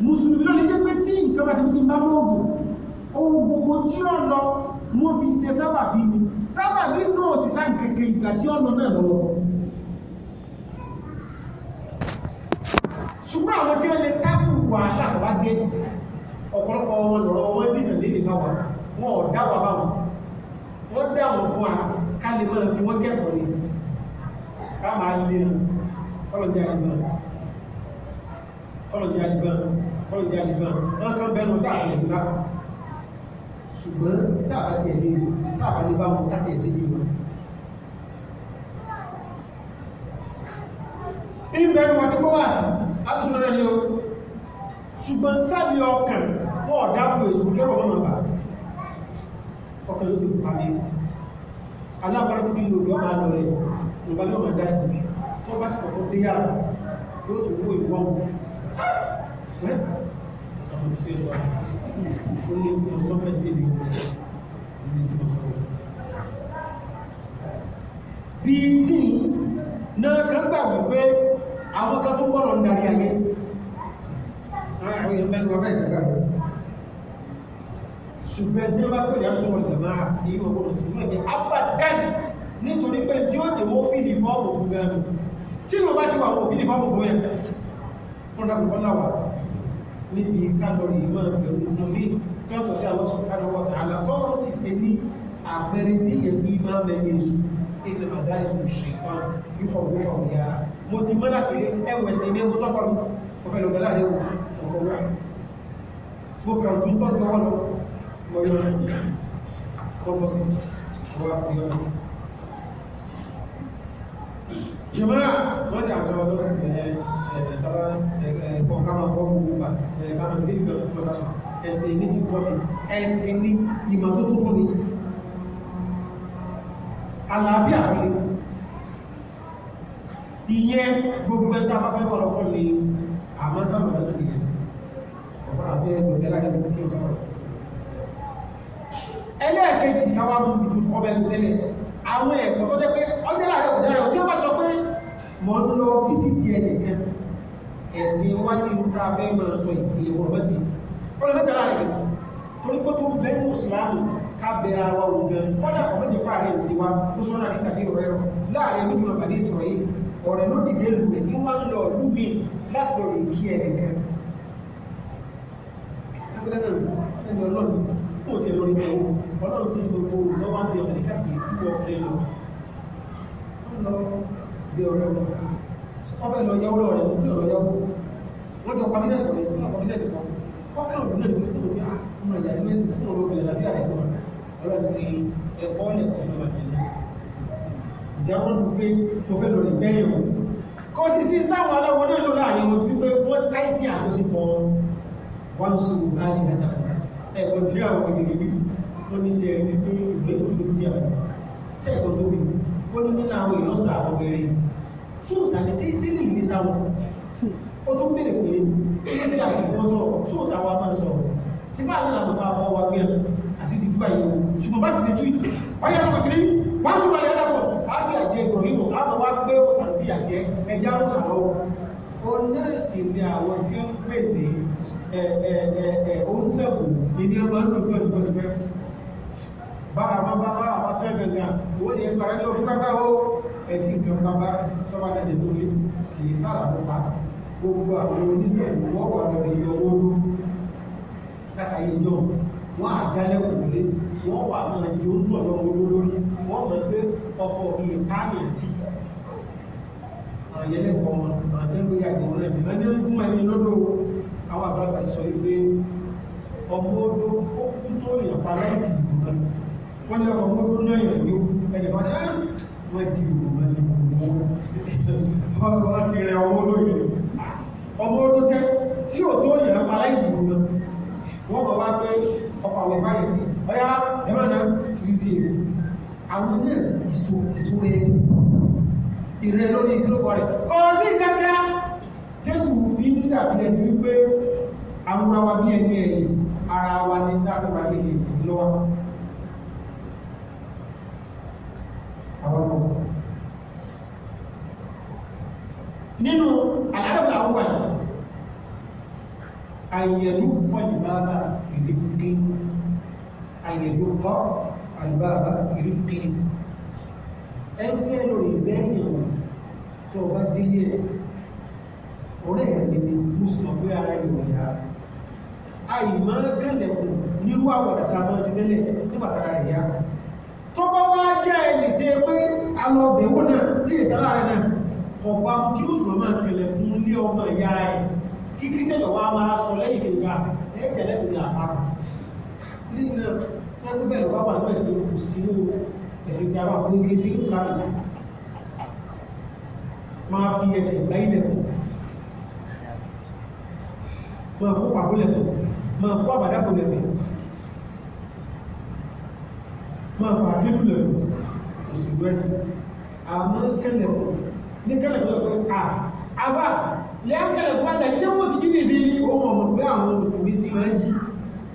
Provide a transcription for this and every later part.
mùsùlùmí ló lè jẹ́ pé tí nǹkan bá ṣe ti bá lóògùn ohun gbogbo tí ó lọ wọ́n fi ṣe sábàbí ni sábàbí náà sì sá kẹkẹ ìgbà tí ó lọ náà lọ́wọ́ ṣùgbọ́n àwọn tí wọ́n lè tábù wàhálà wá dé ọ̀pọ̀lọpọ̀ wọn lọ́rọ̀ wọn dìnà léde fáwọn wọn ò dá wa báwọn wọ́n dá wọn fún wa ká lè máa fi wọ́n kẹ́kọ̀ọ́ ni ká máa lè ọlọ́jà ìgbọ́n ọlọ́jà ìgbọ́n ọlọ́dẹ àdìgbà wọn kan bẹnu táàrí ìlà ṣùgbọ́n táàbà ti ẹ̀mí táàbà ní bá wọn láti ẹ̀sìn ní ìmọ̀ ìbẹ̀rù wọn ti kó wà sí àtúnṣe rẹ̀ ní o ṣùgbọ́n sábì ọkàn wọn ọ̀dà kò èso kẹrọ wọn mà bà ọkàn ló ti pa mí alábàárà tó fi ń lòdì ọmọ àlọ ìgbà náà máa dá sí mi wọn bá sì kọ̀ọ̀kan yóò tó kó ìwọ́n àwọn tí ó sọ ó ní kí wọ́n sọ́kẹ́ débi wọn ní kí wọ́n sọ́kẹ́. bí sí náà kan gbà wípé àwọn kan tó gbọ́dọ̀ ń darí ayé àwọn èèyàn mẹ́nu ọ̀rẹ́ ìjọba ṣùgbọ́n tí wọ́n bá pè ní àṣọwọ̀n ìjọba ní ìwọ̀n sí mọ́ ní abadan nítorí pé tí ó dèmó fìlì fọ́ọ̀mù fún gan tí wọ́n bá ti wà wọ́n fìlì fọ́ọ̀mù fún yẹn níbi kálọ̀rì ìmọ̀ ẹ̀rù ìtòmí tọ́tọ̀ sí àwọn sọ̀kánà wọ́n tààlà tó wọ́n sì ṣe ní àpẹẹrẹ ní ẹ̀bí máa mẹ́rin èṣù ilẹ̀ màdá ìlú ṣèkán yíkọ̀ wíwọ̀ ya mo ti mọ́ láti ẹwẹ̀ sí ní ẹwọ́ tọ́kọ̀ mi mo fẹ́ lọ́gbẹ́ láàrin wò ọkọ̀ wà mo fẹ́ kọ́ ká máa fọ́ gbogbo gbà ká máa ṣe ìgbà tó sá sùn ẹ̀sìn ní ti kọ́ ẹ̀sìn ní ìmọ̀ tó tó fún ni àlàáfíà fún ni ìyẹn gbogbo ẹ̀ta bá fẹ́ kọ́ lọ́kọ́ ni àmọ́ sábà lọ́dún nìyẹn ọba àti ẹgbẹ̀rún ẹ̀rọ ẹ̀rọ kí o sábà ẹlẹ́ẹ̀kejì káwá mú ibi tó ọbẹ̀ tẹ́lẹ̀ àwọn ẹ̀kọ́ tó jẹ́ pé ọjọ́ àrẹ òjò àrẹ òjò bá sọ ẹ̀sìn wá ní ìrúta fẹ́ máa sọ ìpìlẹ̀ wọn bá sí ọ̀rọ̀ mẹ́ta láàrin ìlú torí pé tó bẹ́ẹ̀ mú ìsìláàmù ká bẹ̀rẹ̀ àwa ògùn kọ́dà kọ́ méjì pa àrẹ ìsìn wa ó sọ náà nígbà bí ọ̀rẹ́ rọ láàrin mímọ àbàdé ìsọ̀rọ̀ yìí ọ̀rẹ́ ló dìde lù mí wọ́n ń lọ lù mí láti lọ rìn kí ẹ̀rẹ̀ kan wọ́n fẹ́ lọ yáwó lọ́rẹ̀ wọ́n fẹ́ lọ yáwó wọ́n jọ pa bísẹ̀sì kan wọ́n pa bísẹ̀sì kan wọ́n fẹ́ lọ lónìí lónìí tó ti àwọn ah, ìyá ẹgbẹ́ sì fún olóògbé lẹ́lẹ́fíà rẹ̀ kan ọ̀rọ̀ ti ẹ̀kọ́ lẹ́kọ̀ọ́ fún wa ìjáwọ́ ló pé mo fẹ́ lọ rí bẹ́ẹ̀ o kọ́ sí sí táwọn aláwọ̀ náà ló láàrin wọn wípé wọ́n táìtì àkóṣepọ̀ wọn sọ̀rọ̀ báyìí mẹ́ta ẹ̀kọ́ tí àwọn ọmọdé wọ́n ní ṣe ẹni pé ìgbẹ́ òkú ló jẹ́ àwọn ṣẹ́ẹ̀kọ́ tó wí wọ́n ní nínú àwọn ìlọ́sà àwọn obìnrin tí ò sáré sí sí ní ìdí sáwọ ó tún bèrè pé ilé tí a kìí wọ́n sọ̀rọ̀ tí ò sáwọ máa sọ̀rọ̀ tí bá àwọn àwọn àwọn ọwọ́ wa gbé ẹ̀ àti ti túbà yìí ṣùgbọ́n bá sì ti tú ìlú ọyẹ sọ̀rọ̀ kiri wọ́n sọ̀rọ̀ yẹn lọ́pọ̀ ábí àjẹ ìgbòhìnù àwọn wá gbé òsàn bí àjẹ ẹja ló sàrọ̀ ó náà sì ni àwọn tí ń pè ní ẹ ẹ ẹ ẹ oúnṣẹ́gun ìdí ọmọ ń dùn pẹ́ tọ́ba náà lè lórí kì í sára ló fa gbogbo àwọn oníṣègùn wọ́n wà lọ́dọ̀ iye owó ló káka yìí jọ wọ́n á dálẹ́ òwúlé wọ́n wà máa jó ń lọ lọ́wọ́ lórí wọ́n mọ̀ pé ọkọ̀ ìkáàmì tì àyẹ̀lẹ̀ kọ́ wọn àti ẹgbẹ́ yàgò wọn rẹ̀ ẹni ń gún ẹni lọ́dọ̀ àwọn àgbàlagbà lé ọmọ odó náà yàn yó ẹnì kan ní ah, wọ́n di ìwọ̀n wọ́n ti rẹ ọmọ olóyè ọmọ olóṣẹ́ tí ò tó yàn án para ìdìbò náà wọ́n bọ̀ wá pé ọkọ̀ àwọn ìbáyé tí ọyá ẹ̀rọ náà ti di èrò àwọn náà ìṣòro ẹni ìrẹ́ lórí ìdílógọ́ rẹ̀ kọ́ sí kankan jésù fi ń dàbí ẹni wípé àwọn ará wa bí ẹni ẹ̀yìn ara wa ní dákúrà lọ́wọ́ àwọn ọmọ nínú àlàáfíà àwọn wà àyẹ̀lú pọ̀jùbáàbà ìrìfúkí àyẹ̀lú pọ̀ àlùbáàbà ìrìfúkí ẹgbẹ́ lórí ìbẹ́yìn tó bá délé ọ̀rẹ́ ẹ̀rẹ́ ni mùsùlùmí pé ara ìwọ̀ ìyá àyìmọ́ kẹ́lẹ̀kùn nírú àwọn àtàwọn ìsinẹ́lẹ̀ nígbàtàrà ìyá jẹ́ ẹni tí pé alọ́bẹ̀wò náà tí ìsára rẹ̀ náà ọ̀pá kí ó sùn máa kẹlẹ̀ fún ilé ọmọ ìyá rẹ̀ kí kírísẹ́lẹ̀ wá máa sọ lẹ́yìn kẹgbà ẹ̀ẹ́dẹ̀lẹ́ ìlà àpapọ̀ nínú ẹgbẹ́ lọ́wọ́ wà lọ́wọ́ ẹ̀sìn kò sínú ẹ̀sìn tí a máa kún kí sí ìtura rẹ̀ máa fi ẹsẹ̀ gbá ilẹ̀ kù máa kó pàkúlẹ̀ kù máa kó àbàdàkùlẹ̀ kù máa fà kíkúlẹ̀ kù kò sí lọ́sí àmọ́ kẹlẹ̀ kọ́ ní kẹlẹ̀ kọ́ lọ́kọ́ à àbá lẹ́yìn kẹlẹ̀ kọ́ àdá tí wọ́n ti jí ní sí ohun ọ̀mọ̀ pé àwọn òṣèlú ti máa ń jí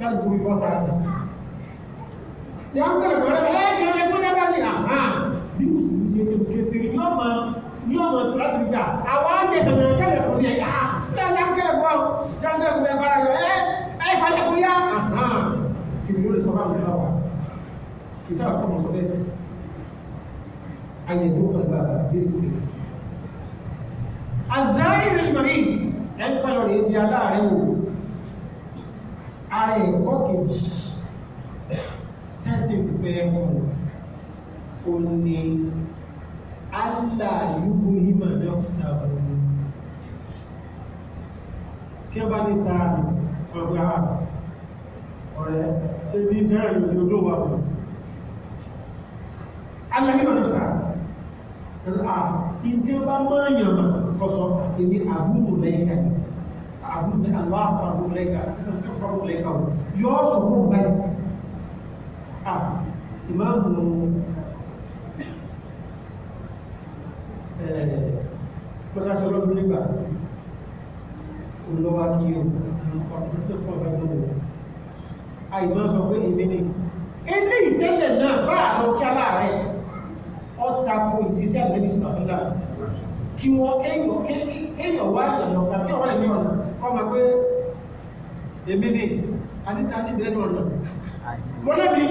láti gbogbo ìfọ́ ta sí. lẹ́yìn kẹlẹ̀ kọ́ àdá lẹ́yìn kẹlẹ̀ kọ́ àdá ní àmà ah, ah, bí òṣèlú ṣe ti kété yọ̀mọ̀ yọ̀mọ̀ tó láti gbà àwọn àgbẹ̀ tẹ̀lẹ̀ kẹlẹ̀ kọ́ ní ẹ̀yà lẹ́yìn kẹlẹ̀ kọ́ lẹ́yìn kẹlẹ̀ kọ́ àdá ẹ̀ ẹ̀ أن يترك الباب بالكل الزائر المريض ẹ̀fẹ́ lọ́rọ̀ ibi aláàrin wò ara ẹ̀kọ́ kejì tẹ́sí ìpẹ́ ẹ̀mọ́ o ní aláàyúgbò hímà náà sàbọ̀ tí ó bá ní tààrí ọgbà ọ̀rẹ́ tí ó bí sẹ́rẹ̀ lójú ọdún wà aláàyúgbò náà sàbọ̀ ìdí ah, bá máa yàn mà kọsọ èmi àbúrò lẹ́yìnká àbúrò ní àlọ́ àpàrọ̀ lẹ́yìnká ẹ̀ka sí àpàrọ̀ lẹ́yìnká o yọ sọ̀rọ̀ báyìí à ah, ìmáàmù mọ́sáṣẹ́ eh, ọlọ́run nígbà olówá kí o ọ̀pọ̀ sí ọ̀pọ̀ ọ̀gá lọ́wọ́ àìmọ́ sọ pé èmi ni eléyìí tẹ́lẹ̀ náà bá àlọ́ kí aláàrẹ̀ ọ̀tà kò ìṣiṣẹ́ àgbẹ̀bí sọ̀tọ̀sọ̀dà kí wọ́n kéèyàn wá ìyànà ọ̀tà kí ọ̀rọ̀ ẹ̀mí ọ̀nà kọ́ máa pé èmi ni adíta níbẹ̀rẹ̀ ọ̀nà wọ́n lẹ́bi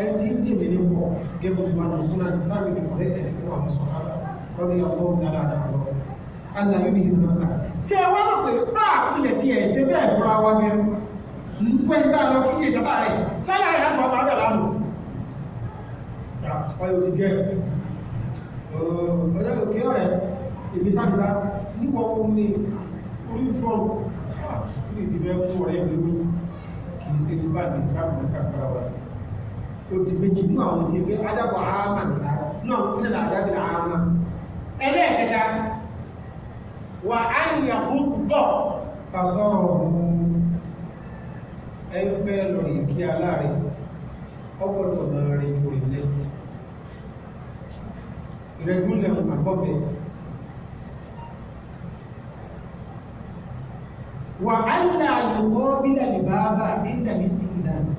ẹni tí ní èmi ní pọ̀ gẹ́gẹ́ bí wọn sọ́nà láàrin ìlú rẹ̀ tẹ̀lé fún àwọn sọ̀rọ̀ lọ́dún yà ọgbọ́n dára àdàbọ̀ Allah yóò yìí lọ sá ṣé ẹ wá mọ̀ pé báà ilẹ̀ tí ẹ̀ ṣe bẹ́ẹ̀ fúra wa gẹ́ ń pẹ́ ń dá lọ kí ṣe ìṣẹ́bà rẹ̀ sálà rẹ̀ láti wọ́n máa ọyọ ti gẹ́ ọjọ́ òkè ọ̀rẹ́ èmi sáàbìsá nípa ọkùnrin ní orí fọ́n ní ìdíbẹ̀ fún ọ̀rẹ́ mi ló kì í ṣe ní báyìí sáàbì ní kàkàrà wa ó ti méjì ní àwọn ìdíbẹ̀ adábọ̀ àmà nìta náà nílẹ̀ àdájọ́ àmà ẹlẹ́ẹ̀kẹta wà á yà gbọ́ kàsọ̀rọ̀ ẹ fẹ́ lọ ìkí aláàrẹ ọgbọ̀dọ̀ máa rin orílẹ̀ ìrẹ́gúnlẹ̀ àgbọ́bẹ̀ wà áìlà àyùkọ́ bílẹ̀ nìbáábà ní ìdàlísì ìdáni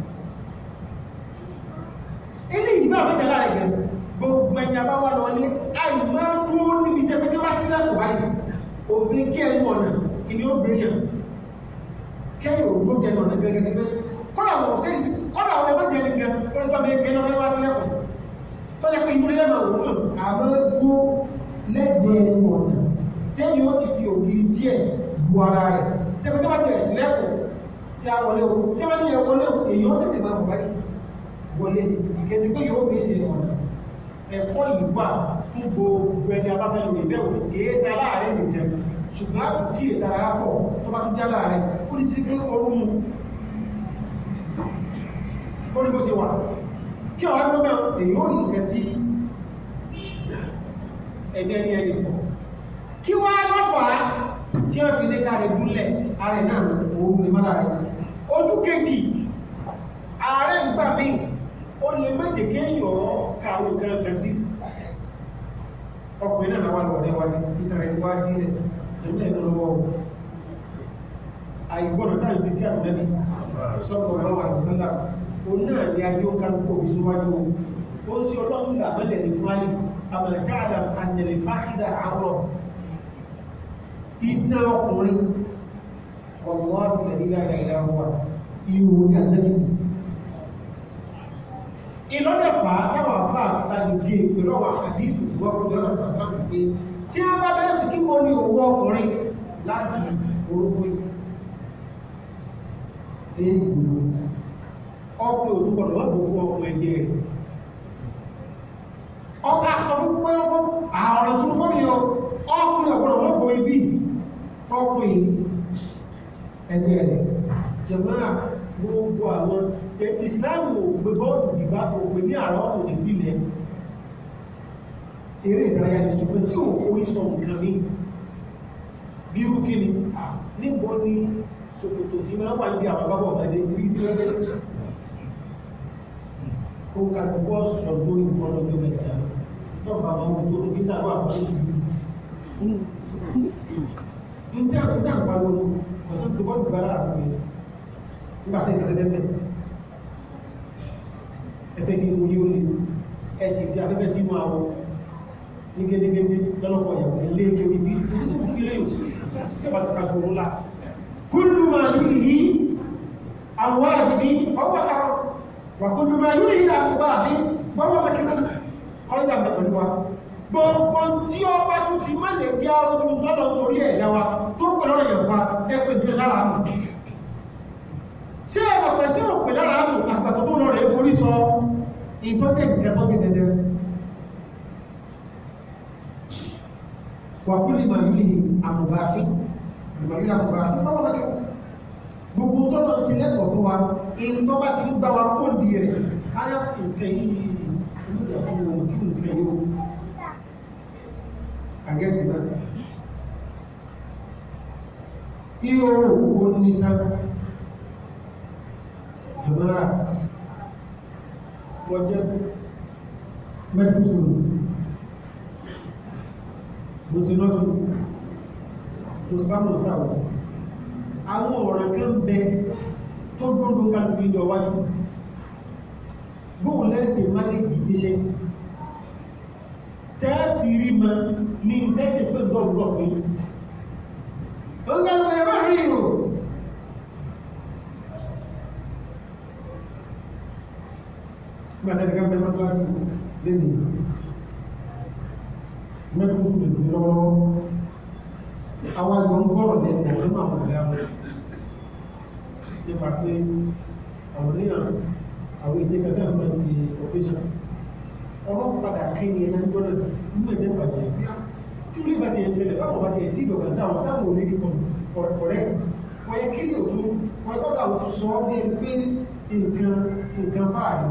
ilé ìgbà mẹ́ta láàrẹ̀ gẹ̀ẹ́ gbogbo ẹ̀yà bá wà lọ́lé àìmọ́ dúró níbi tẹ́pẹ́tẹ́ bá sílẹ̀ kò wáyé òfin kí ẹnu ọ̀nà ìní ó gbé yàn kẹ́yìn òwúrò jẹ́ ọ̀nà gẹ́gẹ́ gẹ́gẹ́ kọ́lá àwọn ọ̀sẹ̀ kọ́lá àwọn ẹgbẹ́ jẹ́ nìkan lọ́dún tó bá mi gbé lọ́sẹ̀ wá sílẹ̀ kọ̀ tó yẹ pé inú ilé máa wò ó àmọ́ dúró lẹ́gbẹ̀ẹ́ ẹnu ọ̀nà tẹ́yìn ó ti fi ògiri díẹ̀ bu ara rẹ̀ tẹ́gbẹ́ tó bá ti rẹ̀ sílẹ̀kùn tí a wọlé o tí wọ́n ní ẹ wọlé o èyí ó ṣẹ̀ṣẹ̀ máa bọ̀ báyìí wọlé ìkẹsí pé yóò fèsì ọ̀nà ẹ̀kọ́ ìgbà fún gbogbo ẹni abáfẹ́lú ìbẹ̀wò kìí ṣe aláàárẹ̀ lè jẹ ṣùgbọ́n kìí ṣe ara pọ̀ tó bá tún jẹ́ aláàárẹ̀ ó ní sí pé ọrùn ó ní bó ṣe wà kí ọ̀rọ̀ ẹgbẹ́ mẹ́rin èyí ò ní nǹkan tí ẹ̀mí ẹni ẹni pọ̀ kí wá lọ́fàá tí wọ́n fi lé kárẹ̀ gúnlẹ̀ ààrẹ náà òun lè má dàrẹ̀ ojú kejì ààrẹ ìgbà míì ó lè má jẹ́ kéèyàn kàwé kan kan sí ọkùnrin náà náà wà lọ́wọ́ wa ní ìtàrẹ̀ tí wá sílẹ̀ ẹ̀mí ẹ̀mí lọ́wọ́ àìgbọ́nà náà ń ṣe sí àbúdẹ́bí sọ́kọ̀ọ́ náà wà lọ́sọ́ńdà òun náà ní ayé ó ká lóko òbí síwájú o ó ń ṣe ọlọ́run gbà mọ́lẹ̀ ní fúláyì àmàlẹ́kàdà àtẹ̀lẹ̀ fákìdà àwọ̀ ìtàn ọkùnrin ọ̀gbọ́n àbúlẹ̀ nílá ìlà wa ihò ní àtẹ́lẹ̀ ìlọ́dẹ̀ fà á táwọn afá àtàlẹ̀ gé pẹ̀lú àwọn àdìsù tí wọ́n kọjá lọ́wọ́ sàṣà pé tí a bá bẹ́ẹ̀ fi kí wọ́n ní owó ọkùnrin láti orúkọ yìí ọkùnrin òdúgbọ̀dọ̀ ọgbọ̀ fún ọmọ ẹgbẹ́ rẹ̀ ọba sọ fún pé ọkọ àwọn tó fọ́ mi ọ ọkùnrin ọ̀gbọ̀dọ̀ wọ́n bo ibi ọkùnrin ẹgbẹ́ rẹ̀ jẹ̀mọ́ra gbogbo àwọn ìsìláàmù òpè bọ́ọ̀lù ìgbà òpè ní àárọ̀ òní ìbílẹ̀ eré ìdárayá ní ṣùgbọ́n sí òkú ìsọ̀ nǹkan mi bí irú kí ni níbo ni ṣòkòtò tí máa wà níbi àwọn bábọ̀ ọ̀gá kó ká gbogbo ọ̀sọ̀ gbóyè nǹkan lọ́jọ́ mẹ́ta náà bàbá wọn tó ní kíta wà fún oṣù yìí. njẹ́ àwọn ìdá àgbàdo ọ̀sán tó bọ́ọ̀lù bá lára fún mi nígbà tó ìkàtẹ́ bẹ́ẹ̀ ẹ fẹ́ kí orí ó lè ẹ sì fi afẹ́fẹ́ sínú àwọn ní gẹ́gẹ́gẹ́ lọ́lọ́pọ̀ ìyàwó ilé ìjọba ibi tó fi lè yòó kẹfà tó kà sọ̀rọ̀ la. kúlù màá yìí àwọn àjẹbí ọwọ́ àwọn wàkúndú máa yóò yí àkùbá àbí bọ́wọ́ mẹ́kẹ́lá ọ̀rẹ́dà mẹ́kọ̀lú wa gbogbo tí ó bá tún ti má lè jẹ́ arójú tọ́lọ̀ torí ẹ̀dá wa tó pẹ̀lú ọ̀yàn wa ẹ̀pẹ̀ ìpè lára àmù ṣé ẹ̀rọ pẹ̀ sí òpè lára àmù àgbàtọ̀ tó lọ rẹ̀ forí sọ ìtọ́jẹ́ ìkẹtọ́ bí dẹdẹ wàkúndú máa yóò yí àkùbá àbí màá yóò gbogbo tọ́lọ̀ sí lẹ́tọ̀ọ́ fún wa èyí tó bá ti ń gbá wa kó di rẹ̀ ara kò kẹ́ yìí nígbà tí mo kí n kẹ́ yóò àgẹ́tì náà. Iyo òkú ní ta jọmọ́ra wọ́n jẹ́ mẹ́tò sọ̀rọ̀ mo sì lọ́sùn àwọn ọ̀rọ̀ kan bẹ tó gbọ́dọ̀ kálukú ìjọ wájú bóun lẹ́sẹ̀ manage patient tẹ́ẹ̀fì rí ma ní tẹ́sẹ̀ pé dọ́gbọ́ pé ó lọ́wọ́ ẹ̀rọ rí o gbàdẹ́gbẹ́ bẹ́ẹ̀ mọ́sálásí lẹ́nu mẹ́kún fún ètò lọ́wọ́ àwọn àjọ gbọ́rọ̀ lẹ́nu ọ̀rẹ́ máa wọ̀ lẹ́nu nípa pé àwọn èèyàn àwọn èdè kan tẹ́lẹ̀ máa ń ṣe ọ̀fíṣàn ọlọ́run padà kí ni ẹ̀rọ ń gbọ́dọ̀ nínú ẹ̀dẹ́ bàjẹ́ tí ilé bàjẹ́ ń ṣẹlẹ̀ báwọn bàjẹ́ tí ìdọ̀gá táwọn táwọn oníkì kan correct wọ́n yẹ kí ni òtún wọ́n yẹ tọ́ka òtún sọ ọ́ bẹ́ẹ̀ pé nǹkan nǹkan fáàlì.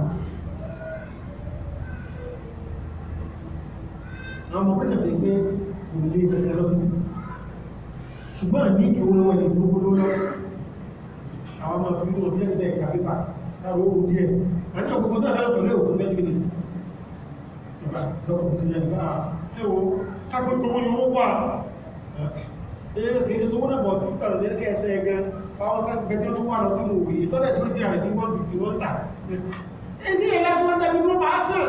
àwọn ọmọ pẹ́sẹ̀ fi gbé òrùlé ìgbẹ́kẹ̀ lọ ṣùgbọ́n ní ìwé wọn ni gbogbo lọ́wọ́ àwọn ọmọ fi wọn díẹ̀ díẹ̀ kàbíbà táwọn owó díẹ̀ àti ọ̀gbọ̀n tó àbẹ́rẹ́ pẹ̀lú òkú fẹ́ẹ́ gbìn ìgbà lọ́kùn ti yẹn bá kápẹ́ ni wọ́n wà ẹ̀yẹ kì í ṣe tówó náà bọ̀ fífi tàbí ẹ̀rẹ́ kẹsẹ̀ ẹ̀ gan àwọn kẹsẹ̀ tó wà lọ tí mo wì í tọ́lẹ̀ tó ń jìnà rẹ̀ ní wọ́n fífi wọ́n tà ẹ̀sìn ìlà wọn dàbí ló máa sàn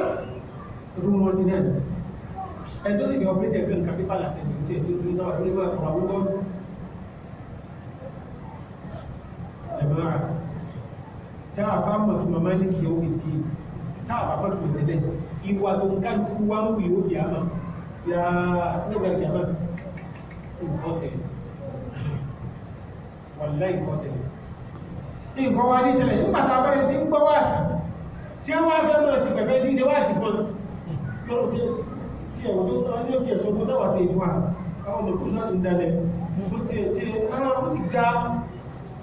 ẹ̀rú wọn sí náà ẹ̀ tó sì ní jama'a tá a bá mọ̀ tuma máàlìkì yóò fi di tá a bá mọ̀ tuma tẹ́lẹ̀ ìwà tó ń kálukú wá ń wù yóò di àmà yàrá nígbà jàmá nǹkan ṣẹlẹ̀ wàlá nǹkan ṣẹlẹ̀ nǹkan wá ní ṣẹlẹ̀ nígbà tá a bẹ̀rẹ̀ tí ń gbọ́ wáàsì tí wọ́n wá fẹ́ mọ̀ sí pẹ̀pẹ́ tí ń ṣe wáàsì kan lọ́rùn tí ẹ̀wọ̀n tó tọ́ ní ọ̀tí ẹ̀sọ́ tó tọ́wà sí ìfún wa àwọn ọmọ kúrò sọ́ọ̀tún dalẹ̀ ó ti ẹ̀ ti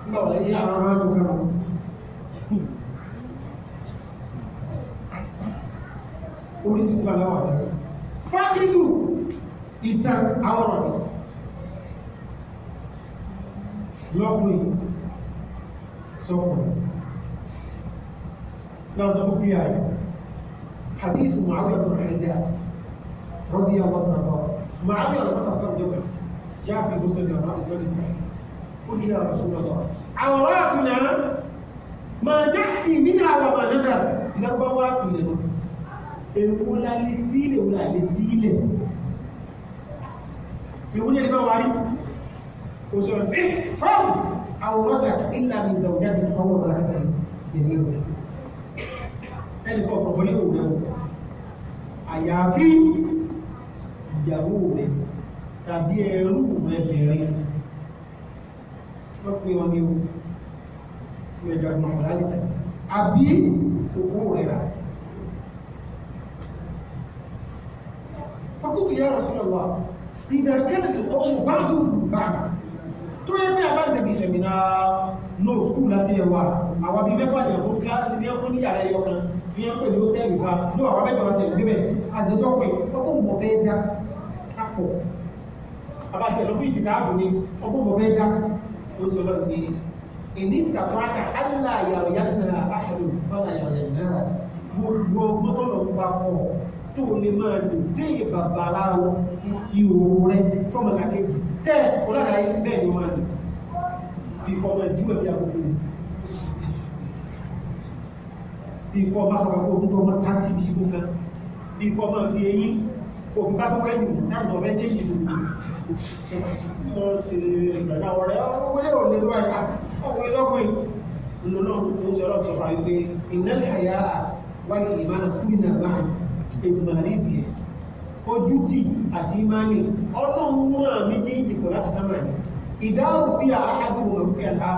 oríṣiríṣi aláwọ̀ àtàrí fáfíìlù ìtàn àwọn ọ̀rọ̀ lọ́kùnrin sọ́kùnrin lọ́dọ̀ bí i ààrẹ hadith mu'awiyar bin haida rọ́dí àwọn ọ̀nà àwọn ma'awiyar bin sassan jẹ́ jáfi musulman àti sọ́dí sọ́dí قلت يا رسول الله عوراتنا ما نأتي منها وما نذر lọ́gbọ́wọ́ ìlẹ̀ èwo la lè sílẹ̀ wo la lè sílẹ̀ ìwúlẹ̀ ní bá wà rí kò sọ̀rọ̀ bí eh, fáwọn àwòrán ìlà mi ìzàwòjá ti tọ́ wọ́n lára kan ìrìn rẹ̀ ẹnì kan ọ̀pọ̀ ní òwúrẹ́ wọn àyàfi ìyàwó rẹ̀ tàbí ẹrú rẹ̀ bẹ̀rẹ̀ wọ́n pè wọn ni o ní ẹjọ́ àgbọ̀n ọ̀la nìkan àbí òkú rẹ̀ rà. فقلت يا رسول الله إذا كان القوم بعضهم بعض tó yẹ pé abáṣẹ́bí ìṣẹ̀mìnà náà skúù láti ẹwà àwọn bí mẹ́fà ní kan fi ń pè ní hóstẹ́ẹ̀lì bá ní àwọn mẹ́jọ láti ẹ̀gbẹ́ bẹ̀ àjẹjọ́ pé ọkùn mọ̀ fẹ́ dá lọ fún ìtìkáàbù ni ọkùn mọ̀ fẹ́ dá ó sọ lọ́dún ní ìníṣàpáàkà aláyàwòyánná àhàlù fọláyàwòyánná gbogbo mọ́tọ́lọ̀ ń bá pọ̀ tó lè máa lò dé ìbàbàrà ìhòòhò rẹ fọmọlákejì tẹ́ẹ̀sì kọ́ lára yín bẹ́ẹ̀ ni wọ́n lò bí kọ́ máa jú ẹ̀bí àkókò rẹ̀ bí kọ́ máa sọ̀rọ̀ kó ń tọ́ máa tásì bí ibú kan bí kọ́ fi eyín òun bá pẹ́ nù láàrín ọ̀rẹ́ jẹ́ ìlú lọ sí ìgbàgbà ọ̀rẹ́ wọlé òní tó báyìí ah, ọ̀pọ̀ ìlọ́kùnrin nínú náà ó sì ọlọ́pù sọ̀rọ̀ wípé ìnálẹ̀ àyà wáyé ìmáà kúrì náà máa ègbùmọ̀lẹ́ ìbìyẹ ojú tì àti ìmáàlì ọlọ́run mú àmì ní ìdìbò láti sámà ní ìdáhùn bí i àádùn òun fi àlá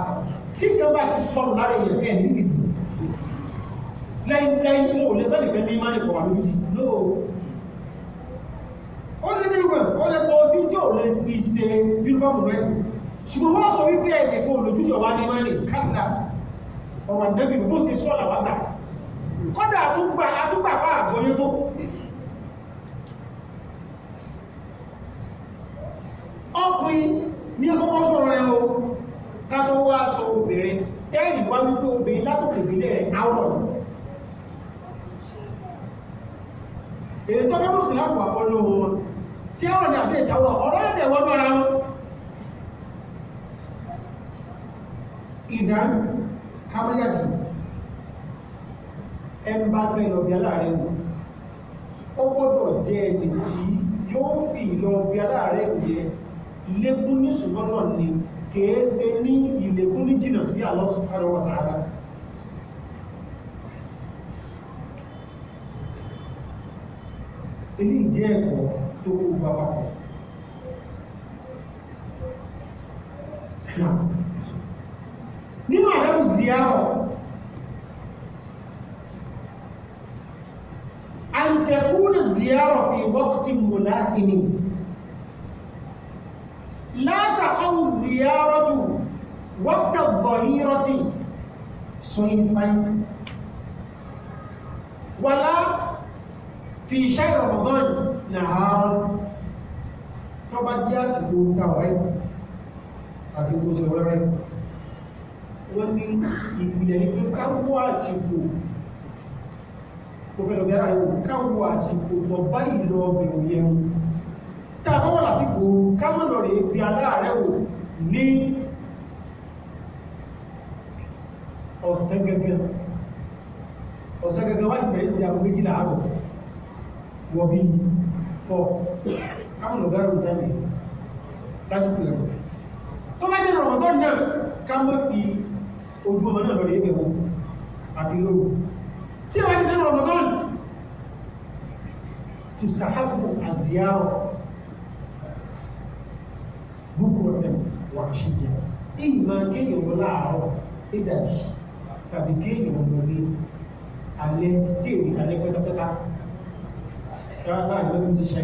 tí kan bá ti sọnù lára èèyàn ẹ̀ ní ó lé nílùmọ̀ ó lè kọ́ sí tí ò lè fi ṣe uniform rẹ́sì ṣùgbọ́n wọ́n sọ wípé ẹ̀dẹ̀ tó lójútì ọ̀wá ní mọ́ni kádà ọmọ ìdẹ́bì bó ṣe sọ́ọ̀lá wà náà kọ́dà àtúgbà bá àgbọ́yé tó ọkùnrin ní ọkọ́kọ́ sọ̀rọ̀ rẹ̀ o ká tó wá sọ obìnrin tẹ́ẹ̀lì wá wípé obìnrin látòkè ìbílẹ̀ àwọ̀ èyí tọ́kọ́ mọ̀ sí láàpù àpọ́lọ́ wọn ṣé ọ̀rọ̀ ni àbí ìṣàwọ̀ ọ̀rọ̀ ẹ̀dẹ̀ wọ́n bọ̀ra wọn. ìdá kámáyàjù ẹ ń bá fẹ́ lọ bí aláàárẹ̀ wò ó gbọ́dọ̀ jẹ́ ẹni tí yóò fi lọ bí aláàárẹ̀ yẹ lékún ní ṣùgbọ́n ni kìí ṣe ní ìlékún ní jìnnà sí Allah subhanahu wa ta'ala. ilé ìjẹ́ اكتبوا فقط nínú àdáwò ziyarọ̀ àǹtẹ̀kúnù ziyarọ̀ fi wọ́kùtì múlá ìní látàkọ́ ziyarọ̀ tù wọ́kùtà gbọ̀hírọ̀ tì صيفا ولا في شهر رمضان nàárọ̀ tó bá jẹ́ àsìkò kàwáì àti gbòsò rẹ̀rẹ̀ wọ́n ní ìpìlẹ̀ ní pé káwọ́ àsìkò tó fẹ́ lọ́gbẹ́ ara rẹ̀ káwọ́ àsìkò tó bá ìlọ ọbẹ̀rún yẹn tá a bá wà lásìkò káwọ́ lọ rèé fi aláàrẹ̀ méjìlá àbọ̀ wọ̀ fọ káwọn ọ̀gá rò jáde lásìkò ẹ̀rọ tó bá jẹ́ rọ̀mọ̀tọ́ náà ká mọ́ fi ojú ọmọ náà lọ́rọ̀ yẹ́bẹ̀ wọn àti lóru tí a bá ti sẹ́ rọ̀mọ̀tọ́ tó sàhábù àzíyáwọ̀ búkú rẹ̀ wà ṣíjẹ ìmọ̀ kéèyàn wọn láàárọ̀ ìdájì tàbí kéèyàn wọn lọ ní alẹ́ tí èyí sàlẹ̀ láàrin ti ṣe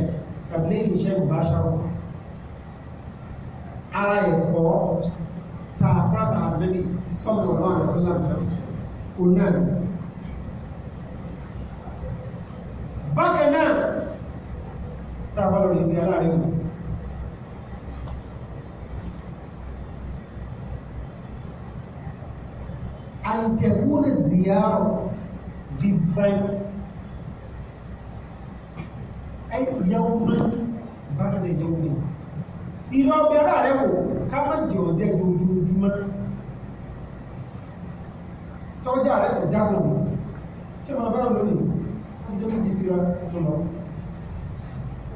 tàbí ìlú ṣe bá ṣàrọ̀ ara ẹ̀kọ́ ta pàtà àbẹ́bí sọ́dọ̀ ọ̀rọ̀ àrẹ́sílà onáà bákan náà tàbá lórí ìgbé aláàrin òun أن تكون الزيارة بالبيت ay yawman ba'da yawmin ìlọ ọbẹ̀ ara rẹ̀ wò ká má jẹ ọ̀dẹ́ ojoojúmọ́ tọ́jà rẹ̀ kò dáàbò tí wọn bá lọ lónìí wọn jẹ́ méjì síra tó lọ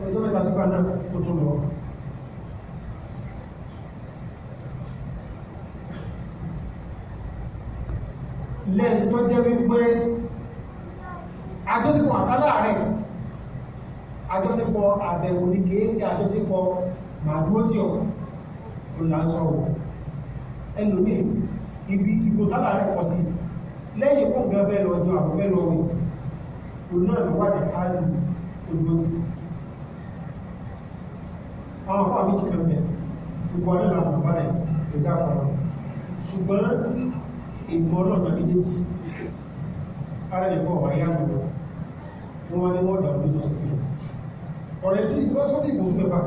ọjọ́ mẹ́ta sípa náà ó tó lọ lẹ́yìn tó jẹ́ wípé àjọsìnkò àtàlà rẹ̀ àjọṣepọ̀ àbẹ̀wò ni kìí ṣe àjọṣepọ̀ màdúrótì ọ̀ olùlànsọ̀rọ̀ ẹlòmíì ibi ìbò tábà rẹ̀ pọ̀ sí lẹ́yìn kó nǹkan bẹ́ẹ̀ lọ́jọ́ àwọn bẹ́ẹ̀ lọ́wọ́ òun náà ló wà ní káàdì olùdókì àwọn fún àmì jìkan bẹ̀ gbogbo ayé làwọn bàbá rẹ̀ lè dá pọ̀ ṣùgbọ́n ìmọ̀ ọlọ́nà méjèèjì ara nìkan ọ̀rẹ́ yá lọ wọn wá ní wọ́n dàbí sọ́sọ́ fún un ọ̀rẹ́ tí wọ́n sọ́tì ìbò fún mẹ́fà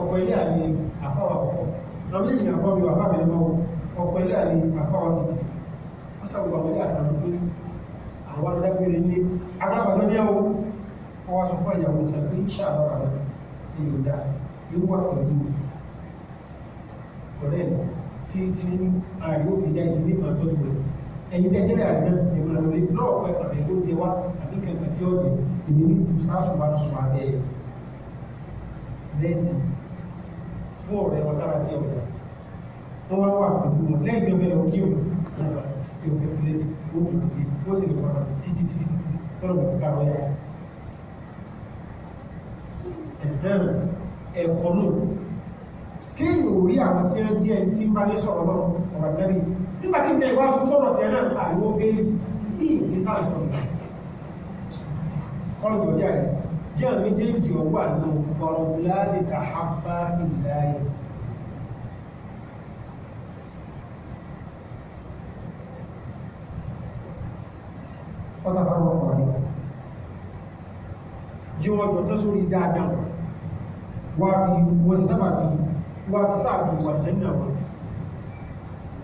ọ̀pọ̀ ilé àní àfáwà ọ̀fọ̀ lọ́bí ìyìn àbọ̀ mi wà bá mi lọ́wọ́ ọ̀pọ̀ ilé àní àfáwà kìtì wọ́n sàbò wà wọlé àtàwọn pé àwọn adágbére ní agbábàdọ́ ní àwọn ọwọ́ sọ fún ìyàwó ìtàgbé ṣàlọ́ra rẹ̀ èèyàn dá yóò wà pẹ̀lú ọ̀rẹ́ tí tí ààrẹ òfin jáde ní ìmọ̀tọ́jú rẹ̀ ẹ̀yin tẹ́jẹ́rẹ́ àdínà ìmọ̀lẹ́ lọ́ọ̀pẹ̀ àbẹ̀wò jẹ wá àbíkẹ̀kẹ̀ tí ó dẹ̀ tìmínú kù sáàsùnmá ti sùn abẹ́ ẹ̀ lẹ́ẹ̀dì fún ọ̀rẹ́ wọn lára tí ọ̀dà wọ́n wá wà pẹ̀lú wọn lẹ́yìn ọ̀fẹ́ lọ kí òun ọ̀fẹ́ fúlẹ̀ sí òun dìde ó sì lè pàtàkì títí títí títí tọ́lọ̀ mọ̀ ká lọ́yà ẹ̀kọ́ náà kéèyàn ò rí àwọn tí wọ́n díẹ̀ tí ń bá ní sọ̀rọ̀ lọ́rùn ọ̀rọ̀ nígbà tí bẹ́ẹ̀ wá sọ́rọ̀ tí ẹ náà àríwó fẹ́ ní ìgbéta ìsọ̀rọ̀ ọlọ́dún ọjà yìí jẹ́ àmì déjì ọwọ́ àná ọ̀rọ̀ láti ta hábá ìdáyé. ọ̀tá fáwọn ọkọ̀ rẹ̀ jí wọn jọ tó sórí dáadáa wà bí wọ́n sábà bí wà sáàbì wà jẹ́ wọ́n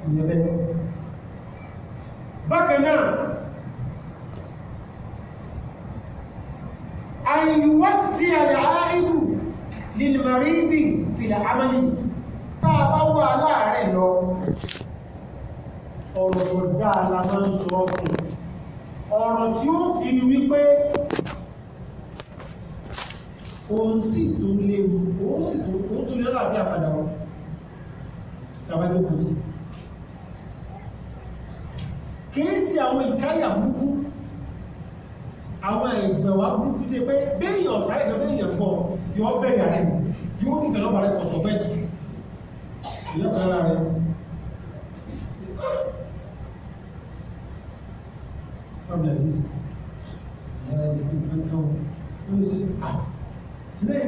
ìyẹn bákan náà أن يوسع العائد للمريض في العمل تابوا على رلو ọ̀rọ̀ tó dáa la máa ń sọ ọ́kùn ọ̀rọ̀ tí ó fi wípé òun sì tún léwu òun sì tún òun tún lérò àbí àpadà wọn tàbájú kùtù kìí sí àwọn ìkáyà búkú àwọn ẹgbẹ́ wa burúkú tẹ pé béèyàn sáré kan béèyàn pọ̀ yóò bẹ̀rẹ̀ rẹ̀ yóò ní ìtàn lọ́pàá rẹ̀ kọ̀ sọ́fẹ́ ìyá kan lára rẹ̀. Ah, lẹ́yìn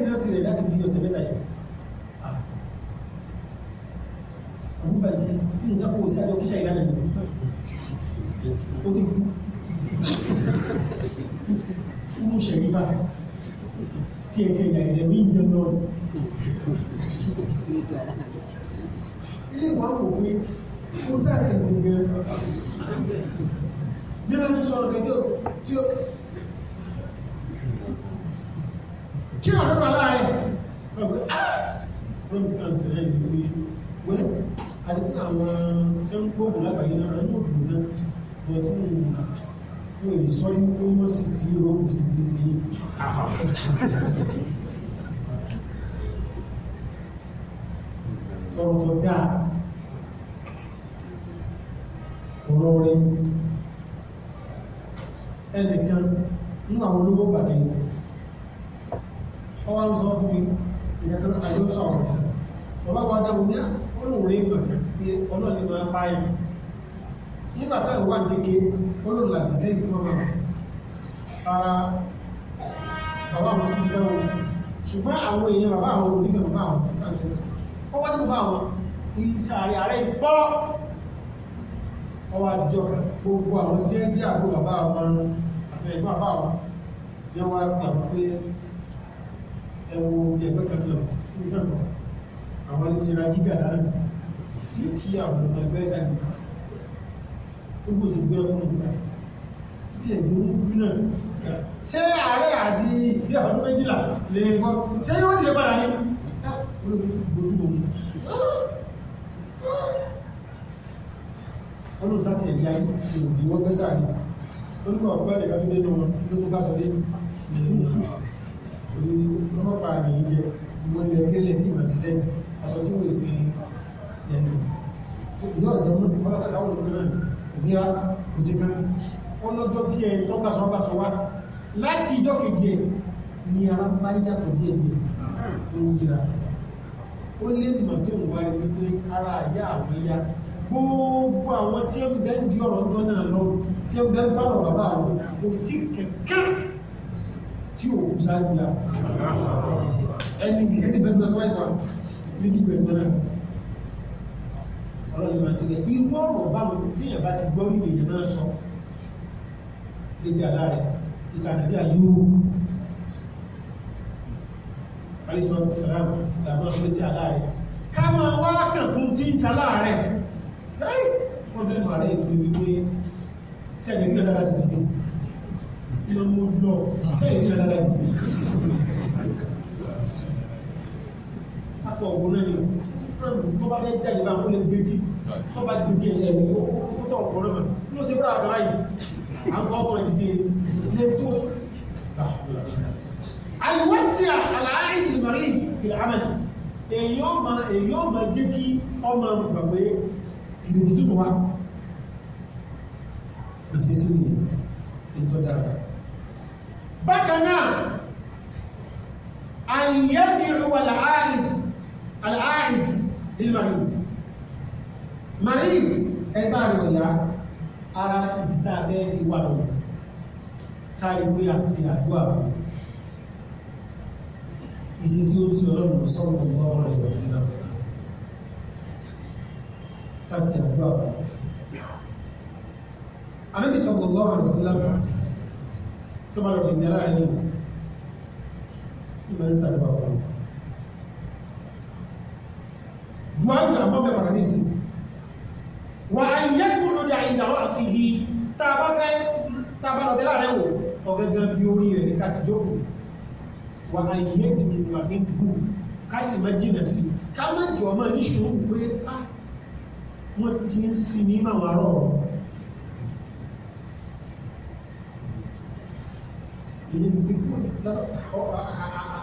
náà ti rẹ̀ láti bí ọ̀sẹ̀ mẹ́ta yìí ah. àbúbàlì kìí sí ní ìdákòwò sí àjọ kíṣà ìlànà ìlú 借这两人民争论。一管骨灰，不但很新鲜，原来就说了就就，这样子来，我们啊，我们这样子来，我们还是跟我们真国不来白银啊，人都不能，我从。mi ò sọ yín pé wọ́n sì ti rọrùn sí ti sí àhàfẹ́. ọ̀rọ̀ tó dáa ọ̀rọ̀ rẹ̀ ẹnìkan nínú àwọn olówó pàdé ọwọ́ ń sọ fún mi ìyàtọ̀ àyọ̀ sọ̀rọ̀ bàbá wa dáhùn ní olóòrè ah, ìgbà pé ọlọ́ọ̀ni máa ń báyìí nígbà táwọn wà kékeré gbọ́dọ̀ làgbàdé ìtumọ̀ náà ara bàbá àwọn tó kọjá wọn ṣùgbọ́n àwọn èèyàn bàbá àwọn onífẹ̀ bàbá àwọn sáàjọ ó wọ́n ní bàbá àwọn ìsàrí ààrẹ ìbọ́ ọwọ́ àdìjọ kan gbogbo àwọn tí ẹ jẹ́ àgbo bàbá àwọn àtẹ̀gbọ́n bàbá àwọn yẹn wá gbà pé ẹ wo ẹgbẹ́ kan lọ nígbà kan àwọn ẹni tí ra jígà dáná ní kí àwọn ẹgbẹ́ gbogbo sì gbé ọmọ ìgbà tí ẹ̀dùn ń bí náà ṣé ààrẹ àti ilé àwọn méjìlá lè kọ ṣé yóò dé padà ní olóòtú sáti ẹ̀dí ayé ìròyìn wọ́n gbẹ́sà ní olùkọ́ ọ̀pẹ́ ẹ̀dẹ̀ká tó dénú wọn ló tó bá sọ dé ìlú ọmọpa àmì jẹ gbogbo ilẹ̀ kéré tí ìmọ̀ ṣiṣẹ́ aṣọ tí wọ́n èsì ẹ̀dùn yóò jẹ́ mú ọlọ́pàá sáwọn olùkọ́ náà ìnira òsìkan ọlọ́jọ́ tí ẹ tó gbàsọ́ gbàsọ́ wá láti ìjọ kejì ẹ ní ara bá yàtọ̀ díẹ̀ díẹ̀ ó ń yíra ó lé mọ̀ tó ń wá wípé ara àyà àwọn ya gbogbo àwọn tí ó ń bẹ́ ń di ọ̀rọ̀ ọjọ́ náà lọ tí ó ń bẹ́ ń bá ọ̀rọ̀ bàbá àwọn kò sí kẹ̀kẹ́ tí ò kú sáájú la ẹni ẹni bẹ́ẹ̀ bẹ́ẹ̀ sọ́wọ́ ìtàn ní dìbò ẹ̀gbọ́n ọ̀rọ̀ ìmọ̀ sílẹ̀ ìwọ ọ̀rọ̀ bá wọn tíyàn bá ti gbọ́ ìwé ìyẹn náà sọ lẹ́jà láàrẹ̀ ìkànnì àyù alẹ́sọ̀ sàlám làbọ̀ sọ lẹ́jà láàrẹ̀ ká máa wá kàkún tí ń saláàrẹ̀ láì wọ́n bẹ́ẹ̀ máa rẹ̀ ìdúró wípé sẹ́yìn nílẹ̀ dára sí bìsí tí wọ́n mú lọ sẹ́yìn nílẹ̀ dára bìsí. Atọ̀ ògùn náà ni fúlẹ̀mù tó bá fẹ́ jáde bá fúlẹ̀ gbé tí tó bá ti gbé ẹ̀mí ó tọ̀ ọ̀pọ̀ náà ló ṣe bọ́ra àgbà yìí à ń kọ́ ọkọ̀ rẹ̀ ṣe ilé tó àyíwọ́sí àlàáyé ìmọ̀rí ìlàmẹ̀ èyí ó máa èyí ó máa jẹ́ kí ọmọ gbàgbé ìdòdì sí wa kò sí sí ètò dára bákan náà àyíyẹ́dì ìwà àlàáyé àlàáyé ìlmọ̀rí marie ẹ̀ta rẹ̀ ọ̀yá ara ìdíta abẹ́ ìwà rẹ̀ kárí wí àti àdúrà rẹ̀ ìṣesí ó sí ọlọ́run sọ́run ọgbọ́n rẹ̀ ọ̀sán náà kásì àdúrà rẹ̀ anábì sọ̀rọ̀ lọ́wọ́ àrùn sílá tó bá lọ́wọ́ ìnira rẹ̀ ìmọ̀ ń sàdúrà rẹ̀ Dùwà ìgbà àbọ̀bẹ̀ wà ní ìsìn wà á yẹ kó ló dà ìdáwọ́ àṣìhì tá a bá fẹ́ tá a bá lọ tẹ́lá rẹ̀ wò ọ̀gẹ́gẹ́ bí orí rẹ̀ ní kàtìjókòó wà á yẹ kó ló dà ìdáwọ́ kásì má jìnà sí ká má jọ ọmọ níṣòro pé á wọ́n ti ń sin ní màwọn arọ ìyẹn bí kú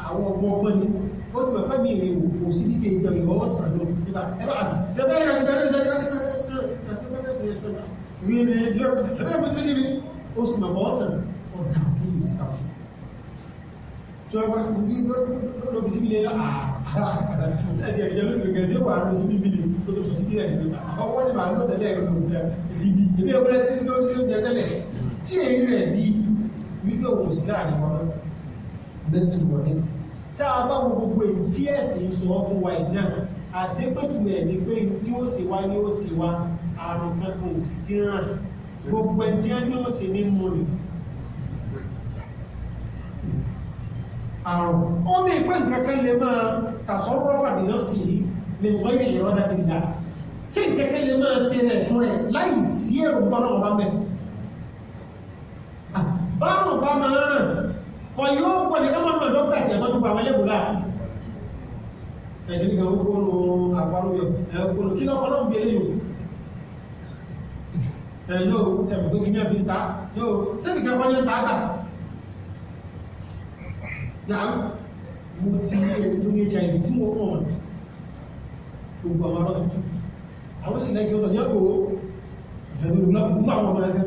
àwọn ọmọ ọgbọ́n ni ó ti bàbá mi rè wò sí kíkẹ́ ìjọ ìwọ ọ̀sán lọ nípa ẹ bá àbí ẹ bá rẹ̀ àbí sɛ kati bɛka sɛ yɛsɛ na wie na yɛgyina ɛbɛ bɛtɛ nyini osuma ma ɔsɛm ɔda kii sika so ɛbɛ obi bɛ ɔbisi bi yɛ na aha ɛdi ɛdi ɛdi ɛdi ɛdi wa ɛdi bi bi ni ɔtɔ sɔ si bi ɛdi bi ɔwɔ ni ma ɛdi ɛdi ɛdi ɛdi ɛsi bi ebi ɛwura ɛdi ɛdi ɛdi tí a bá wo gbogbo èyí tí ẹ̀sìn sọ fún wa ìdí àṣepẹ̀tùmẹ̀ ni pé tí ó sì wá ní ó sì wá àrùn kankan ò sì ti ràn gbogbo ẹni tí wọ́n ní ó sì ní mú ni. àrùn ó ní ìpé nǹkan kan lè máa tàṣọ́rọ́ fàdé sí i lè wọ́n yẹ ìrọ́ dá ti ṣé nǹkan lè máa ṣe rẹ̀ fún rẹ̀ láì sí èrò gbọ́n náà bá báwọn ah, bá máa ràn kọ yóò pọ̀ ní ká máa mọ̀ àti àtọ́jú pa àwọn ẹlẹ́gbọ̀n láàrín ẹ̀dínní kan kó nu àparò yọ ẹ̀ kó nu kí lọ́kọ́ náà ń bí eléyìí ẹ̀ yóò tẹ̀mí pé kí ní ẹ̀fín ta yóò sẹ́ni kan wọ́n yẹn ta gbà náà mo ti ní ẹni tó ní hiv tí mo mọ̀ gbogbo àwọn ará tuntun àwọn sì lẹ́kẹ̀ẹ́ yẹ́ kó ìfẹ̀mí olùgbà fún àwọn ọmọ ẹgbẹ́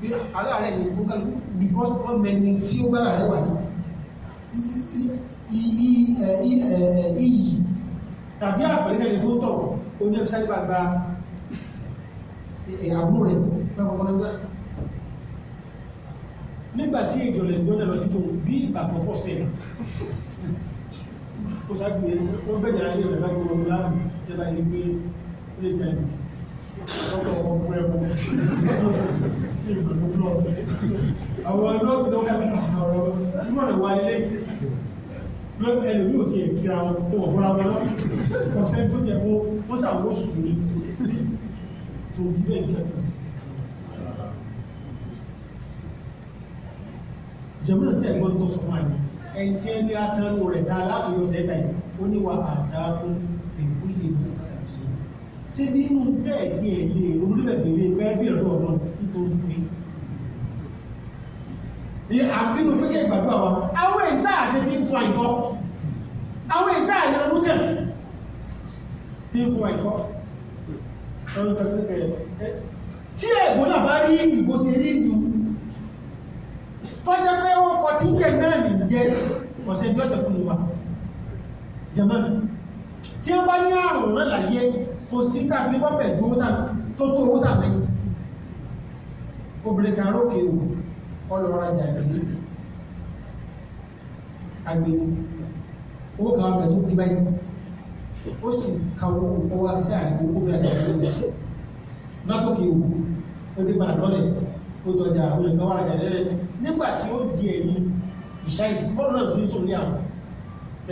bí aláàrẹ̀ ní gbogbo because ọmọ ẹni tí ó gbára rẹ̀ wà ní iyì tàbí àpẹẹrẹ ẹni tó tọ̀ oní ẹ̀fíṣẹ́ nípa gba àbúrò rẹ̀ lọ́kọ̀ọ́kọ́ lọ́gbà nígbà tí èjò lè gbọ́dọ̀ lọ sí tó bí ìgbà kan fọ́ sí ẹ̀ ó sáàgbé ó bẹ̀rẹ̀ ayé rẹ̀ lọ́gbọ̀n ọmọ láàmù jẹba ilé gbé ilé jẹ ọkọ̀ ọkọ̀ ẹ̀kọ́ ìgbà tó lọ àwọn nọ́ọ̀sì lọ́kà ló ẹlòmí ò ti ẹ̀ kíra wọn tó wọ̀ fúnra wọn lọ́wọ́ ọ̀sẹ̀ tó jẹ́ kó ó ṣàwọ́ sùn ní tó ti bẹ́ẹ̀ nígbà tó ti sè jẹ̀mọ́n sí ẹ̀gbọ́n tó sọ máa ní ẹni tí ẹni atánú rẹ̀ ta láti yọ sẹ́ta yìí ó ní wa àdáàkún èkú lè ní sàkàtì ṣé bí inú tí ẹ̀ lè orílẹ̀-èdè bẹ́ẹ̀ bí ọ̀dọ́ ọ̀nà nítorí pé ní àbínú pé kẹ́ ìgbàdúrà wa àwọn ìta àṣẹ ti ń fún àìkọ́ àwọn ìta àyẹ̀rọ lókè ti ń fún àìkọ́ ọdún sọ̀tún ẹ̀ tí ẹ̀gbọ́n náà bá rí ìbò ṣe rí ìlú tọ́jọ́ pé ó kọ tí kẹ̀ náà ní jẹ́ ọ̀sẹ̀ jọ́sẹ̀ fún wa jẹ̀mọ́ tí wọ́n bá ní àrùn náà láyé kò sí tàbí wọ́n pẹ̀ dúró tó tó owó tàbí obìnrin kan rókè òun ọlọ́rajà ìdílé agbèrè owó kan abẹ tó kú báyìí ó sì ka owó owó àti àríwó owó fẹ́rẹ̀ àti owó látòkè ìwò ó dé padà lọ́lẹ̀ ó tọjà àwọn ẹ̀ka wà rájà lẹ́lẹ̀ nígbà tí ó di ẹ̀mí ìṣáì kọ́lù náà tún sùn ní àwọn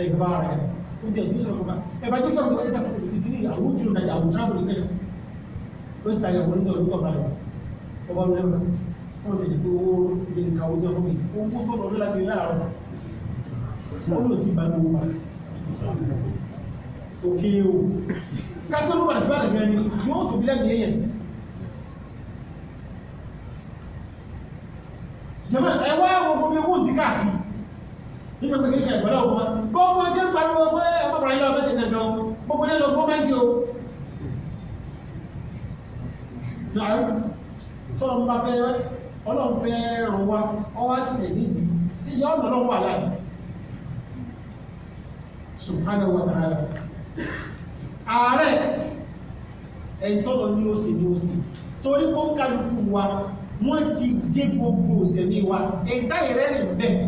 ẹ̀ka wà rájà ó di ẹ̀tún sọ̀rọ̀ kọ́ba ẹ̀bá tó tọ̀ wọ́n ẹ̀ta kòtò kìkìrì àwọn ojú ìrìnàjà àwọn tíráàbù nìkẹ́lẹ̀ ó sì tàyẹ̀ wọ́n ní ọdún kọ̀ọ̀bá rẹ̀ ọba mi lẹ́wọ̀n wọ́n ti dìbò owó ilé ìkàwó jẹ́ fún mi owó tó lọ lọ́lágbé láàárọ̀ wọ́n lò sí ìbánu wa òkè o kápẹ́ ló wà sí àdàbí ẹni yóò tóbi lẹ́gbẹ̀ẹ́ yẹn jẹ́mọ́ ẹ wá àwọn ọmọ owó ti káàkiri nígbà pé kékeré ìgbàlá ọmọ gbọ́mọ jẹ́ ń pariwo pé ọmọbìnrin ọlọ́run fẹ́ ràn wá ọwọ́ àṣìṣe nídìí sí ìyá ọ̀nà ọlọ́run wà láàyè subhanahu wa ta'ala ààrẹ ẹ̀yìn tọ́lọ ní ó sì ní ó sì torí kó ń kálukú wa wọ́n ti dé gbogbo òsèlú wa èyí táyì rẹ̀ rìn bẹ́ẹ̀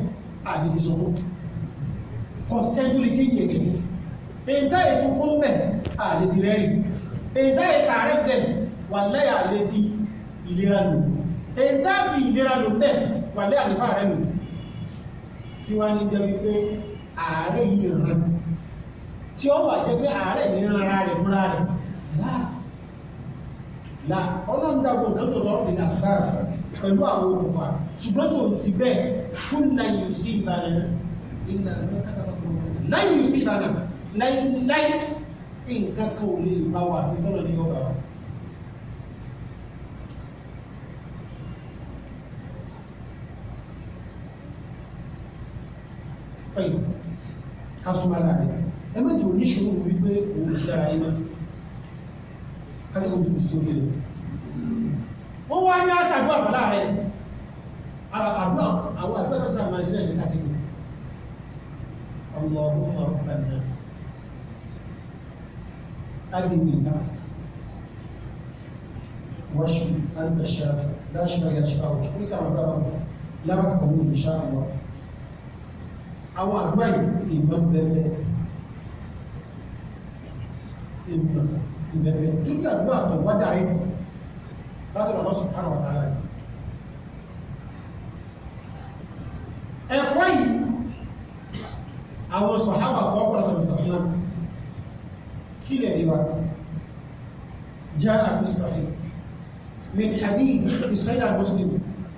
àbí ìṣòro kò sẹ́jú lè jí ìyẹ̀sẹ̀ ní èyí táyì sunkún bẹ́ẹ̀ àbí ìrẹ́rìn èyí táyì sàárẹ̀ bẹ́ẹ̀ wà lẹ́yà lè fi ìlera lò èyí táàbì ìlera ló bẹ̀ wàlẹ́ àlùfà rẹ̀ lò kí wá ní jẹ́ wípé ààrẹ yìí rán tí ó wà jẹ́ pé ààrẹ ní rárá rẹ̀ fúnra rẹ̀ láà láà ọlọ́run dàgbò nǹkan tó lọ́ọ́ bí àfúrà rẹ̀ pẹ̀lú àwọn olùfà ṣùgbọ́n tó ti bẹ́ẹ̀ fún náyìí sí ìbànú ìlànà kátàkùn náyìí sí ìbànú láíláí nǹkan kan ò lè bá wà nítorí ọba wa. fẹ́yìn kásùmára rẹ̀ ẹ má jẹ́ oníṣòro wípé òun ti ara iná kájọ́kọ́ tó sí orí rẹ̀ wọ́n wá ní àṣàdúrà fọ́lá rẹ̀ àdúrà àwọn àdúrà tó sáà máa ṣe náà ní kásìkò اللهم رب الناس أدم الناس واشف أنت الشافع لا شفاء إلا شفاءك وسع ربك لا مسكن إن شاء الله àwọn àdúrà yìí ìmọ̀ bẹ̀rẹ̀ ìmọ̀ ìbẹ̀rẹ̀ tó ní àdúrà tó wá dàrẹ́ tì látọ̀ lọ́wọ́ sùn kárọ̀ ọ̀tá rẹ̀. ẹ̀kọ́ yìí àwọn sọ̀hábà kọ́ pẹ̀lú ìsàsílá kí lè rí wa جاء في الصحيح من حديث في الصحيح مسلم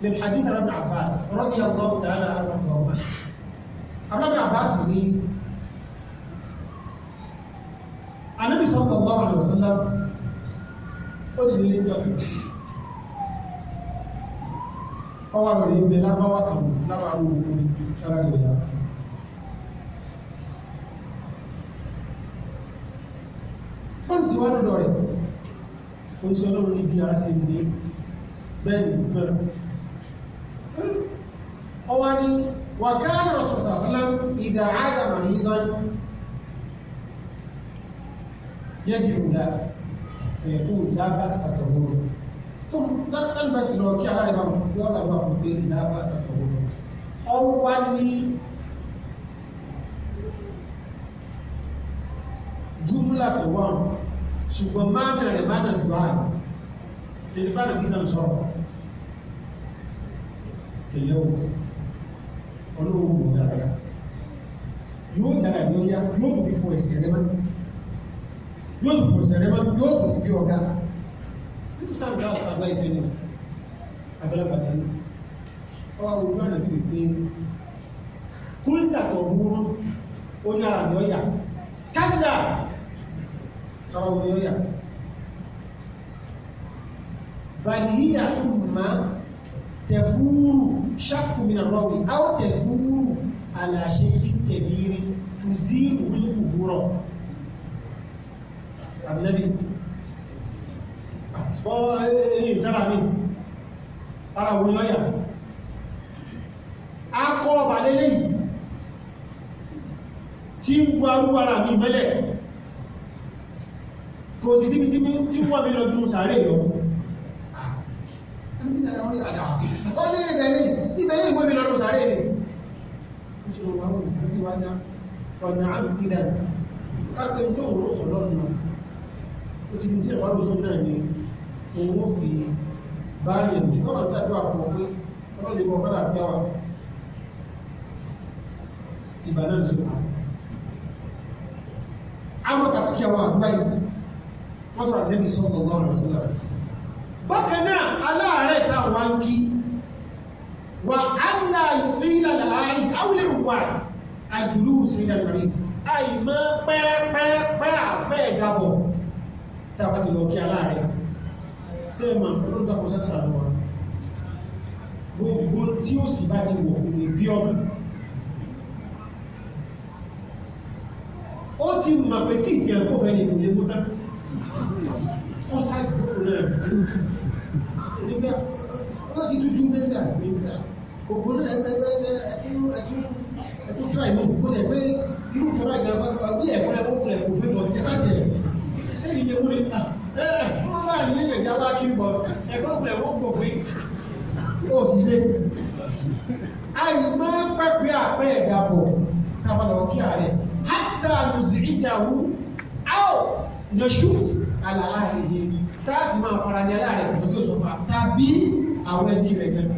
من حديث ربي عباس رضي الله تعالى عنه وارضاه abúlé àbáàsì ní anábì sallallahu alaihi wasallam ó di nílé jọ ọwọ́ àwẹ̀rẹ̀ ìgbẹ́ lábáwá kan lábáwá òkú sára ìgbẹ́ yàrá fọ́ọ̀mù sí wájú lọ rẹ̀ oṣù ọlọ́run níbi ara sí ní bẹ́ẹ̀ ni bẹ́ẹ̀ ọwọ́ ní وكان الرسول صلى الله عليه وسلم إذا عاد مريضا يدعو له فيقول لا بأس طهور ثم تلبس لو كان الإمام يوضع الله في لا بأس طهور أو ولي jumla tó wà ṣùgbọ́n máa bẹ̀rẹ̀ máa nà jù àrùn ọlọ́wọ́ wò dáadáa yóò dára lóyá yóò tún fi fọ ẹsẹ̀ rẹ mọ́ yóò tún fọ ẹsẹ̀ rẹ mọ́ yóò tún fi bí ọ̀gá nítorí sáà sáà sáà láì fẹ́ náà abẹ́rẹ́ pàṣẹ náà ọwọ́ àwọn ojú àná bíi pé kúrìtà tó wúrú ó yára lọ́yà kádà tọrọ lọ́yà bàdìyà tó máa. تفور شك من الراوي أو تفور على شيء كبير تزيل القبور النبي tara mi ara wo lọ́yà akọ ọba lélẹ̀ yìí tí ń bu arúgbó ara mi mẹ́lẹ̀ kò sí síbi tí wọ́n mi lọ dúró sàárè lọ́wọ́ ó ní ibẹ̀ ní ibẹ̀ ní ìwé mi lọ́nà sàárè ni ó ṣe wọ́n wọ́n ní wá dá ọ̀nà àbùkídà káàkiri tó wọ́n sọ lọ́nà ó ti ní tí ìwà lóṣù náà ni òun ó fi báyìí ní ṣùgbọ́n àwọn sàdúrà fún ọ pé wọ́n lè kọ́ fọ́nà àbí àwọn bákan náà aláàárẹ̀ ta wá ń kí wà á là ní ìlànà àì áwùlẹ̀ wà àjùlù sí ìlànà rí àì mọ́ pẹ́ẹ́pẹ́ẹ́pẹ́ àfẹ́ ìdábọ̀ tá a bá ti lọ kí aláàárẹ̀ ṣé ẹ máa ń dàpọ̀ sẹ́sà lọ wa gbogbo tí ó sì bá ti wọ̀ kò lè bí ọ̀nà ó ti mọ̀ pé tí ìtì fẹ́ lè lè mú tán que ó sáré kókò náà nígbà wọ́n ti dúdú nígbà nígbà kòkó náà ẹgbẹ́gbẹ́ ẹtú ẹtú tíra ìmú kó lè pé irú kẹfà ìgbà àgbé ẹ̀kọ́ rẹ̀ kó lè kó fẹ́ lọ ẹ sáà tiẹ̀ ṣé ìdí ewu ni ká ẹ ẹ wọ́n bá ní ilé ìjà bá kí bọ̀ ẹ̀kọ́ kó lè wọ́n kò pé ó sì lé. àìmọ́ pẹ́pẹ́ àpẹ́ ẹ̀dá bọ̀ kábàlọ̀ kí ààrẹ hátà lùzìrìjà wù áò nàṣù aláàrẹ̀hẹ táàfì máa fara ní aláàrẹ̀ tó yóò sọ fún tàbí àwọn ẹbí rẹ̀ gan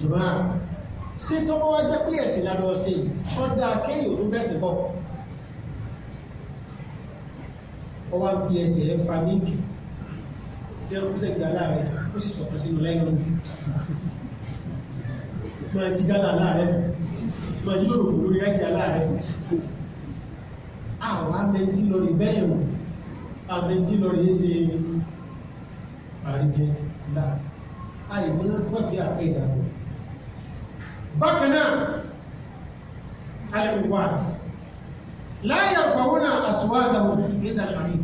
jùmọ́ sí tọ́wọ́ wá jẹ́ pé ẹ̀sìn lánà ọ̀sẹ̀ ọ̀dà kéèyàn tó bẹ̀sẹ̀ bọ̀ ọ wá fi ẹsẹ̀ ẹ̀ fa mílíkì tí ó sẹ́ gbà láàrẹ̀ ó sì sọ̀tọ̀ sínú lẹ́nu máa ti gánà láàrẹ̀ máa jí lóru kúrú rẹ́sì aláàrẹ àwọn amẹ́ntí lọ rí bẹ́ẹ̀ wò amẹ́ntí lọ rí ṣe àríjẹ ńlá àìmọ́ pẹ̀lú àpẹ ìdàgbọ́ bákan náà alẹ́wà láyé ọ̀fọ̀wọ́nà àṣùwádàwò nígbà sàrí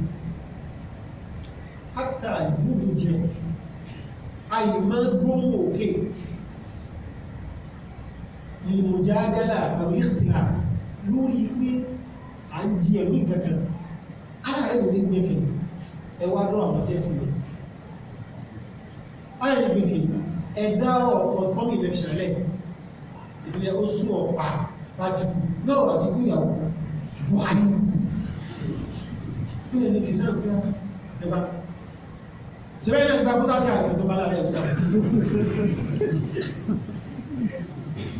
hátà ìgbóhùn jẹ àìmọ́ gbóhùn òkè ìmùjádẹ́là àwọn ìtìlá lórí pé à ń di ẹ̀rú ìkankan ara rẹ̀ ló ní gbẹ̀kẹ̀ ẹ wá dọ́ àwọn tẹ́sí rẹ̀ ara rẹ̀ gbẹ̀kẹ̀ ẹ dá ọ̀fọ̀ fọ́nmì election lẹ̀ ìpínlẹ̀ oṣù ọ̀pá wájúkú náà wájúkú ìyàwó buhari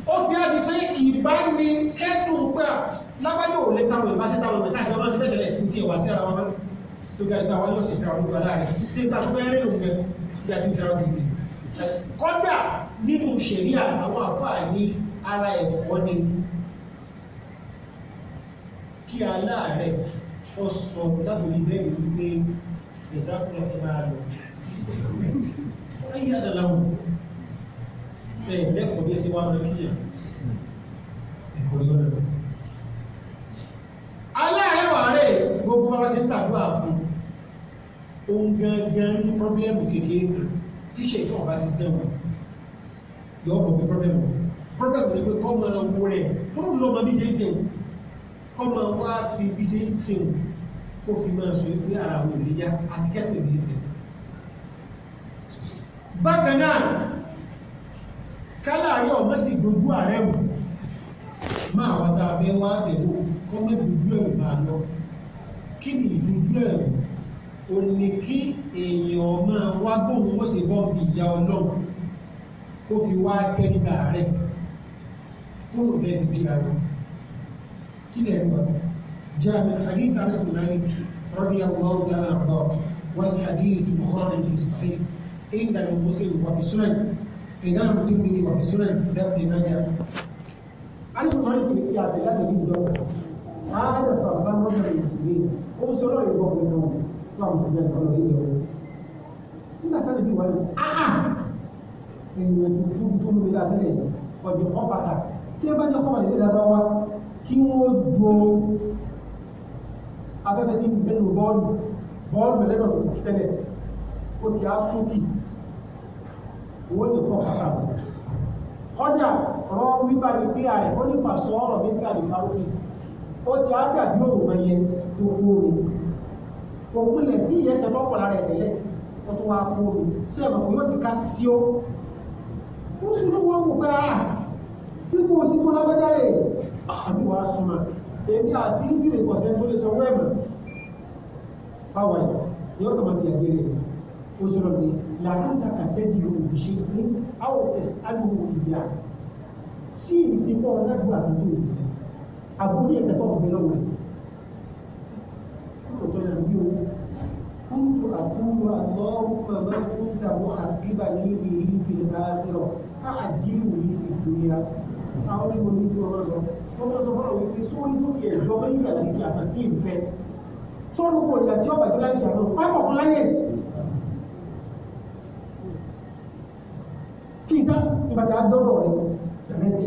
ó fi á di pé ìbáni kẹ́dùn pé lábájọ́ ò lè táwọn ìbá sí táwọn ìbá sí ọmọ sí tẹ̀lé kú tí ẹ wá sí ara wọn tó ga ìgbà wọn yóò sì sẹ́ra olúwa láàrin ní ìta tó fẹ́ẹ́ rẹ́lò nǹkan bí a ti ń sẹ́ra olúwa kọ́dà nínú ṣẹ̀ríà àwọn àfáà ní ara ẹ̀kọ́ ni kí aláàárẹ̀ ọ sọ lábòlí bẹ́ẹ̀ wípé ìzákùnrin ẹ̀ máa lọ. wọ́n yí àdàlà wọn ẹ lẹ́kọ̀ọ́ bí ẹ ṣe wá lọ kíyà ẹ̀kọ́ yọ lọ. aláàrẹwà rẹ̀ gbogbo wa ṣe ń ṣàdúrà fún ohun gangan ní pọ́blẹ́mù kékeré kan tí ṣètò ọba ti dán wọn yọ ọkọ̀ pọ́blẹ́mù pọ́blẹ́mù ni pé kọ́ máa wo rẹ̀ kúrò lọ́mọ bí ṣe ń ṣeun kọ́ máa wá fi bí ṣe ń ṣeun kó fi máa sọ pé ara àwọn òní yá àti kẹ́kọ̀ọ́ ìbílẹ̀ bákan náà kálàrí ọmọ sì dojú ààrẹ wù máa wá tá a fẹ́ wá tẹ̀wọ́ kọ́ mọ́ dojú ẹ̀rù máa lọ kí ni ìdojú ẹ̀rù ò ní kí èèyàn máa wá gbóhùn ó sì bọ́ ìyá ọlọ́run kó fi wá tẹ́lifà rẹ̀ kúrò bẹ́ẹ̀ ní ara kí ni ẹ̀rù ọ̀rọ̀ جاء من حديث انس بن مالك رضي الله تعالى عنه والحديث مخرج في الصحيح عند المسلم وفي السنن e ìdáhùn tó bí ní ọ̀fẹ́ súnà dẹ́kun ìnájà alùpùpù máa ń kiri fi àtẹ̀jáde ní ìjọ ààrẹ sàbá mọ́tò ìtìlẹ̀ ó ń sọ̀rọ̀ ìwọ pẹ̀lú náà tó àwọn sọ̀rọ̀ ìkọlọ̀ yìí lọ. nígbà tá a lè bí wàá áá ènìyàn tuntun tó ń wíwá tẹ́lẹ̀ ọ̀dọ̀ kan bàtà tí ẹ bá ní ọkọ̀ ìdílé dáadáa wá kí wọ́n ju afẹ́fẹ́ tí ń bẹ́nu bọ́ọ̀lù bọ́ọ̀lù lẹ́nu ọ̀tún tẹ́lẹ̀ ó ti á sókè owó ní fọ́ kàkà wọn. kọ́dà ọ̀rọ̀ wíwá ní bí ààrẹ ó ní fàṣọ ọ̀rọ̀ bí bí ààrẹ fáwọn ó ti á dàbí òun ẹyẹ tó kú omi òun lẹ̀ sí ìyẹn tẹ̀ lọ́pọ̀ lára ẹ̀ tẹ́lẹ̀ ó tún wá kú omi sí ẹ̀mọ̀ kò yóò ti ká sí ó ó sì ní wọ́n wò pé a ah, pípọ̀ sí mọ́ lágbájáre àbí wàá súnmọ́ èmi àti ìsìlè pọ̀sẹ̀ tó lè sọ wẹ́ẹ̀mọ̀ báwọn yóò tọmọ ti ẹgbẹ́ rẹ̀ ó sọ̀rọ̀ ní làkàtàkà tẹ́bi òjì ní àwọn tẹ̀sí àdúgbò ìyá sí ìsìnkú ọ̀nàdúrà àtúntò ìsìn àbúrò ẹ̀kẹ́tọ̀ ọ̀gbẹ́ lọ́wọ́ ẹ̀ kòtò náà bí o kúntù àkúrò àlọ́ọ̀kọ̀ máa kúntà wọ́n àbíbà ní ibi yìí fi àárọ̀ káàdìrò yìí fi dúnyà àwọn ìwọ ní tí wọ́n sọ wọ́n sọ fún àwọn ìwé sórí tó fi ẹ̀jọ́ bẹ́yìn àlejò àtàkì ìfẹ́ sọ́run kò yà tí ọ̀bàjọ́ láyé àwọn pápọ̀ fún láyé. kí n sá ìbàjẹ́ àdọ́dọ̀ rẹ̀ jẹ̀nẹ́tì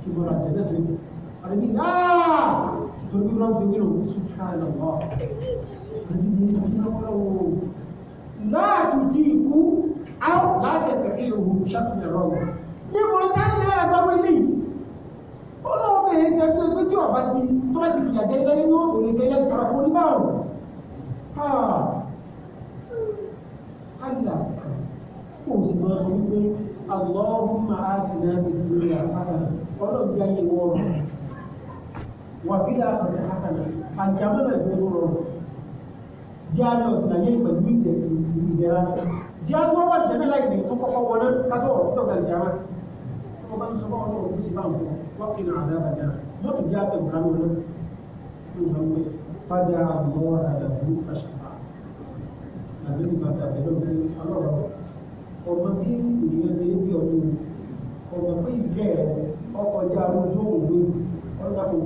kí n bọ̀rọ̀ àjẹ́jẹ́ sọ ètì ọ̀rẹ́ mi ah! náà torí bí wọ́n ti gbé òun sùn káàlọ̀ mọ́ láti di ikú àwọn láti ẹsẹ̀ kí òun ṣàkóso ẹ̀rọ wọn. níbo ni táyà ní ẹ̀rọ gbọ́dọ̀ ilé yìí ó lọ́wọ́ bẹ̀rẹ̀ ṣe pé pé tí ọba ti tó bá ti fìyà jẹ ilé nínú òkèlè kò ah! sì máa sọ wípé اللهم آتنا في الدنيا حسنة ولو جاي ورا وفي الآخرة حسنة أن كمان الجدور جاءنا وسنا يجب أن يدرك جاءت وما الجنة لا يدرك تقف ولا كتور تقف الجامعة ومن سبحان الله ومن سبحان الله وقنا عذاب النار ما تجاسى القانون فدعا الله له فشفع الذي ما تعبدون الله ọmọ bí ènìyàn ṣe ń bí ọdún ọmọ pé ìfẹ́ rẹ ọkọjá arúgbó òun lónìí ọdún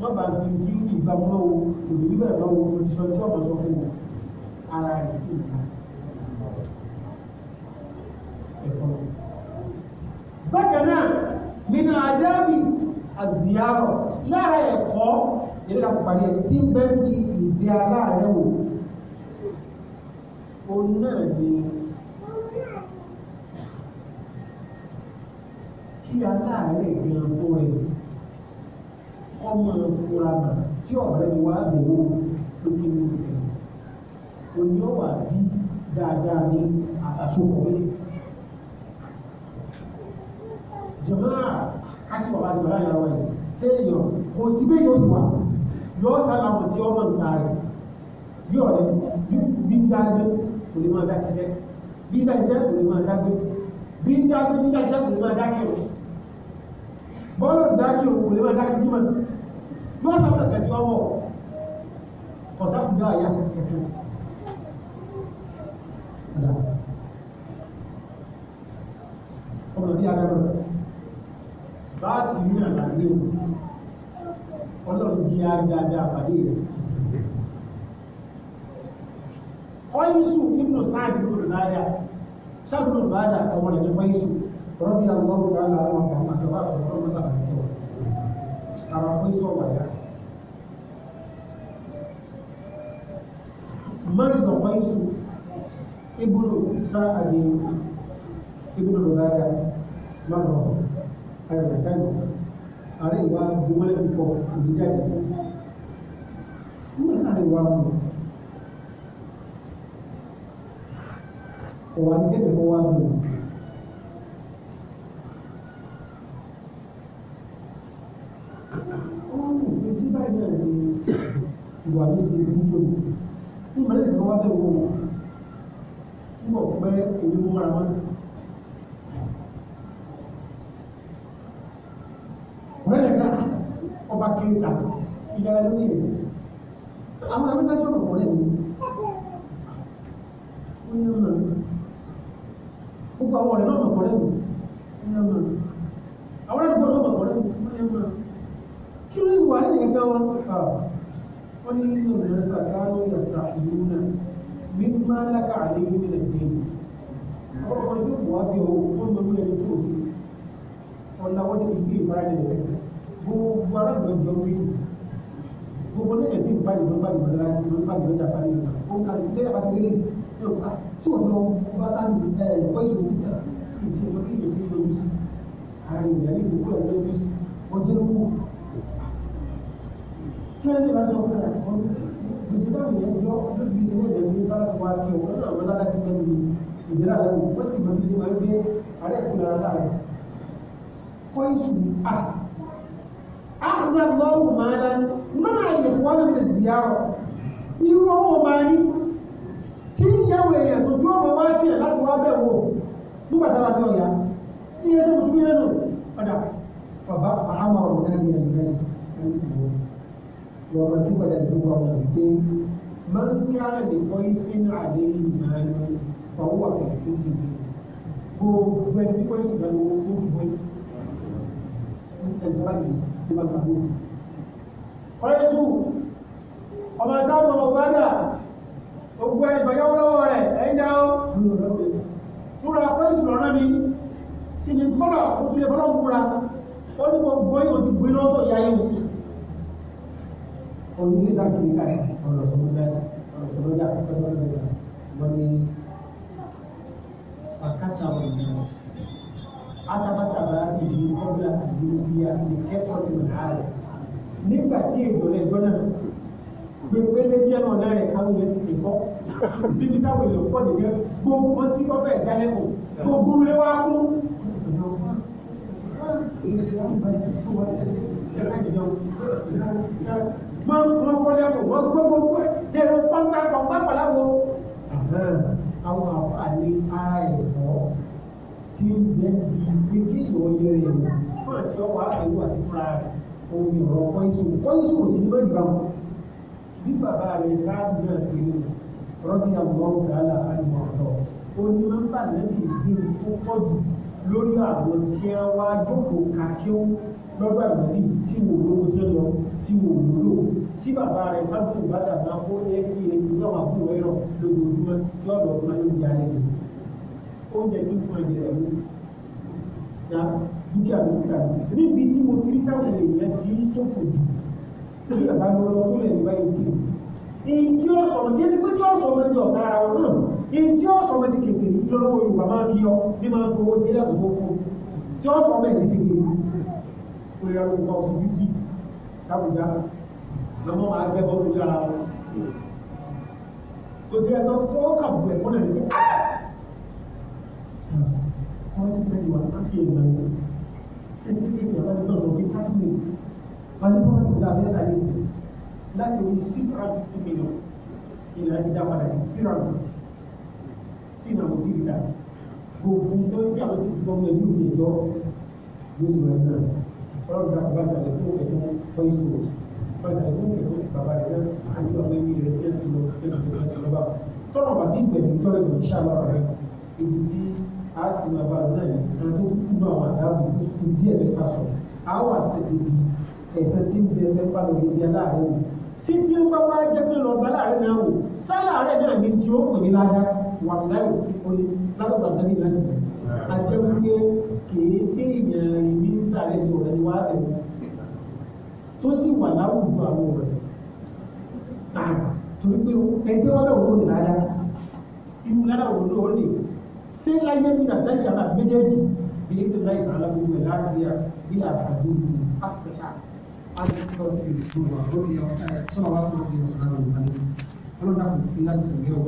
wọn bá fi kí ìgbàmú náà wo òdìrí bẹ̀rẹ̀ náà wo òdìsọ tí ọmọ sọ fún wọn ara rẹ̀ sí ìta ẹ̀kọ́. bákan náà nínú àjábì àzìyárọ̀ lára ẹ̀kọ́ yẹn láti parí ẹ̀ tí ń bẹ́ẹ̀ bí ìdí aláàrẹ̀ wò òun náà ni. kí aláàárẹ̀ gan fún rẹ̀ ọmọ fúra mà tí ọ̀rẹ́ mi wá dèwò ló kí ní sè é òní ó wà bí dáadáa ní àtàṣokò jọ̀mọ́ra kásìmọ̀ bá jọ̀mọ́ra yàrá wáyé téèyàn kò sí bẹ́ẹ̀ yóò sì wà yóò sábà mọ̀ tí ọmọ nǹkan rẹ̀ yóò rẹ̀ bí dáadé kò lè máa dá ṣiṣẹ́ bí dá ṣiṣẹ́ kò lè máa dá gbé bí dáadé tí dá ṣiṣẹ́ kò lè máa dá kí bọ́ọ̀lù dákì òkú lè máa dákì jímọ̀ yóò sọ pé kẹ̀sí ọwọ́ kọ̀sákùnrin àyà kẹ̀kẹ́ ọmọ bí adájọ́ bá ti ní àlàyé ọlọ́run jí ágáda àpàdé rẹ̀ kọ́yísù nínú sáàdì lórí láyà sáàdì lórí láyà ọmọ rẹ̀ ní kọ́yísù rọ́bì àwọn ọmọ rẹ̀ àwọn ọmọ àtọ́wà fún masa fahimta amma kun so waya مرض قيس ابن سعد ابن عبادة مرة أيضا كان عليه جملة بفوق بجد من عليه وامر وأن يجب وامر ó wù mí sí báyìí náà ni ìwà mi ṣe ń lò ní ìmọ̀lẹ́ ìgbà wá bẹ̀rù wọn ń bọ̀ pẹ́ onímọ̀ra wọn. ọ̀rẹ́ yẹn ká ọba kéka ìyá ẹ lóye àwọn ẹgbẹ́ sẹ́sọ̀ ọ̀pọ̀lẹ́ mi ó ní ọ̀nà gbogbo àwọn ọ̀rẹ́ náà ọ̀pọ̀lẹ́ mi. لهم قل إن الناس كانوا يستحيون مما لك عليه من الدين ọkọ̀ tí wà bí o tó ń lórí ẹni tó sí ọ̀nà wọn ni ìgbé ìbáraẹni rẹ gbogbo ara ìgbà jọ wí sí gbogbo náà sì ń bá ìgbà bá ìgbà sára sí ìgbà bá ìgbà bá ìgbà ó ká lè tẹ́lẹ̀ bá ti rí ní ọ̀pá tí ò lọ bá sá ní ẹ̀ ẹ̀kọ́ ìṣòro níta ìṣòro kí ìgbésí lójú sí àárín ìyá ní ìṣòro kí ló dé bá tó kúrò àti wọn gbèsè náà yẹn jọ ló fi ṣe lẹ́yìn ní sára tó wá kí wọn lọ́nà àwọn ládàá kí lẹ́nu ní ìdílé àlẹ́ yìí wọ́n sì máa ń ṣe máa ń gbé àrẹ́ ìkúlẹ̀ ara rẹ̀ kọ́ ìṣù à àkùsà lọ́wọ́ máa lá máa yẹ kó wọn lè zìyà ọ irú ọwọ́ máa ní tí ìyàwó èèyàn tó ju ọmọ wá tiẹ̀ láti wá bẹ̀ wò nígbà tá a bá wọ́n ti padà tó wà wọ́n ti dé máa ń kí ara lè kọ́ ìsìn àdé ìyá ni ọwọ́ wà kẹ̀kẹ́ tó ti dé gbogbo ẹni tí wọ́n sì bá lọ́wọ́ tó ti wọ́n ẹ̀dá báyìí tó bá gbàgbó. ọ̀rẹ́sù ọmọ sáàmù ọ̀gbádà ogun ẹni bàyá lọ́wọ́ rẹ̀ ẹ̀yìn dá ọ́ múra ọ̀rẹ́sù lọ́rọ́ mi sì ní kọ́lọ̀ òkúlẹ̀ bọ́lọ́ múra ó ní gbogbo ìwọ̀n ti gbé lọ́wọ́ ìyá yẹn onílẹ̀sà kìí ká ọ̀rọ̀ sọ̀rọ̀dà ọ̀rọ̀ sọ̀rọ̀dà wọ́n ní pàkásà wọn ni wọn. atabata ìlú kọ́bílà ìlú síyà ní kẹ́kọ̀ọ́ ti wà láàrẹ̀. nígbà tí ìdọ̀lẹ̀ gbọ́nà gbogbo ẹlẹ́bí ẹ̀rọ náà rẹ̀ káwọn yẹn ti fi kọ́ bíbí táwọn èèyàn pọ̀ nìjẹ́ gbogbo wọn tí wọ́n fẹ́ẹ̀ dálẹ́ kù gbogbo ilé wa kú. Thank you wọ́n wọ́n fọ́lẹ́ kò wọ́n gbọ́ gbogbo ẹ̀ dẹ̀rọ pátá pàpá pàláwo. àwọn àǹfààní ara ẹ̀kọ́ ti ń bẹ bí kí ìwọ yẹ rẹ̀ fún àti ọwọ́ àbẹ̀wò àti fúnra rẹ̀ òun ni ọ̀rọ̀ kọ́ńsù kọ́ńsù ò sì ní bẹ́ẹ̀ gbàmù bí bàbá rẹ̀ sáàbù náà ṣe rí rọ́bì àwọn ọ̀gá ó ní máa ń bà lẹ́yìn ìdí ìkó pọ̀jù lórí àwọn tí wọ́n wá jókòó kàkíó lọ́gbà ìgbàlì tí wò lówó tí ó lọ tí wò lówó tí bàbá rẹ̀ sábùkù bá dàgbà fún eighty eighty náà wà fún ẹ̀rọ lójoojúmọ́ tí ó lọ fún ayé ìyá rẹ̀ lò oúnjẹ tó fún ẹ̀jẹ̀ rẹ̀ lò ya dúkìá dúkìá níbi tí mo ti rí táwọn èèyàn ti ń ṣòfò jù bí bàbá mi lọ tó lè ní báyìí tì èyí tí ó sọ̀rọ̀ kí ẹsẹ̀ pé tí ó sọ̀rọ̀ di ọ̀gá ara wọn èyí tí ó sọ̀rọ̀ di kékeré lọ́wọ́ Yorùbá máa fi yọ bí máa fi owó sí ilé àkókò tí ó sọ̀rọ̀ di kékeré tó yẹ kó wá oṣù bìtì sábùjá lọ́mọ máa gbẹ́ bọ́ọ̀lù jára wọn. kò sí ẹ̀tọ́ tó kà bù ẹ̀kọ́ náà nígbà. wọ́n ti bẹ̀rẹ̀ wà láti ẹ̀rọ ẹ̀rọ ẹ̀kọ́ kékeré àbájọ náà sọ pé thirty million wọ́n ní bọ́ọ̀lù ìdá abẹ́rẹ́ àyè sí láti orí six hundred fifty million ìlànà ti dá padà sí three hundred fifty tí ìnáwó ti rí dá gbogbo ìtọ́jú àwọn sì ti gbọ́ ọlọ́run náà bá tàlẹ́ fún ẹ̀dùn fún ìṣòro bá tàlẹ́ fún ẹ̀dùn bàbá rẹ̀ náà àti ọ̀rẹ́ mi rẹ̀ tí ẹ̀ ti lọ sí ẹ̀dùn tó ti lọ bá tọ́nà bàtí ìgbẹ̀mí tọ́lẹ̀ lọ ṣáàlọ́ rẹ̀ ibi tí a ti máa bá náà ní ẹ̀dùn tó kú náà wà dáàbò tó kú díẹ̀ lẹ́ka sọ a wà sẹ́dẹ̀bí ẹ̀sẹ̀ tí ń bẹ mẹ́fà lórí ibi aláàrẹ̀ wò sí tí ó bá wá jẹ́ pé lọ bá láàrẹ̀ náà wò sálàárẹ̀ náà ni tí o pè ní ládàá wà láì ó ní ládàá àjẹwúgbé kìí sí ìyẹn ní sàlẹ̀ ní ọ̀rẹ́ wá ẹ̀mí tó sì wà láwùjọ àwọn ọ̀rẹ́ torí pé ẹjẹ́ wọn náà wọ́n lè lára irú lára wọn náà wọ́n lè ṣé láyé mi náà láyé àlá méjèèjì bí ètò láyé àlá gbogbo ẹ̀ láti rí bí àbàdé ìlú àṣẹlá àti sọ̀rọ̀ ìlú wà lórí ọ̀tá sọ̀rọ̀ wà fún ọ̀gbìn ọ̀sán àwọn ìbánidọ́ ọlọ́dà kò fi lásìkò gẹ́wò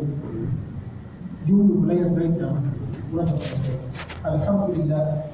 yóò lò láyé àlá ìjà àbàdé الحمد لله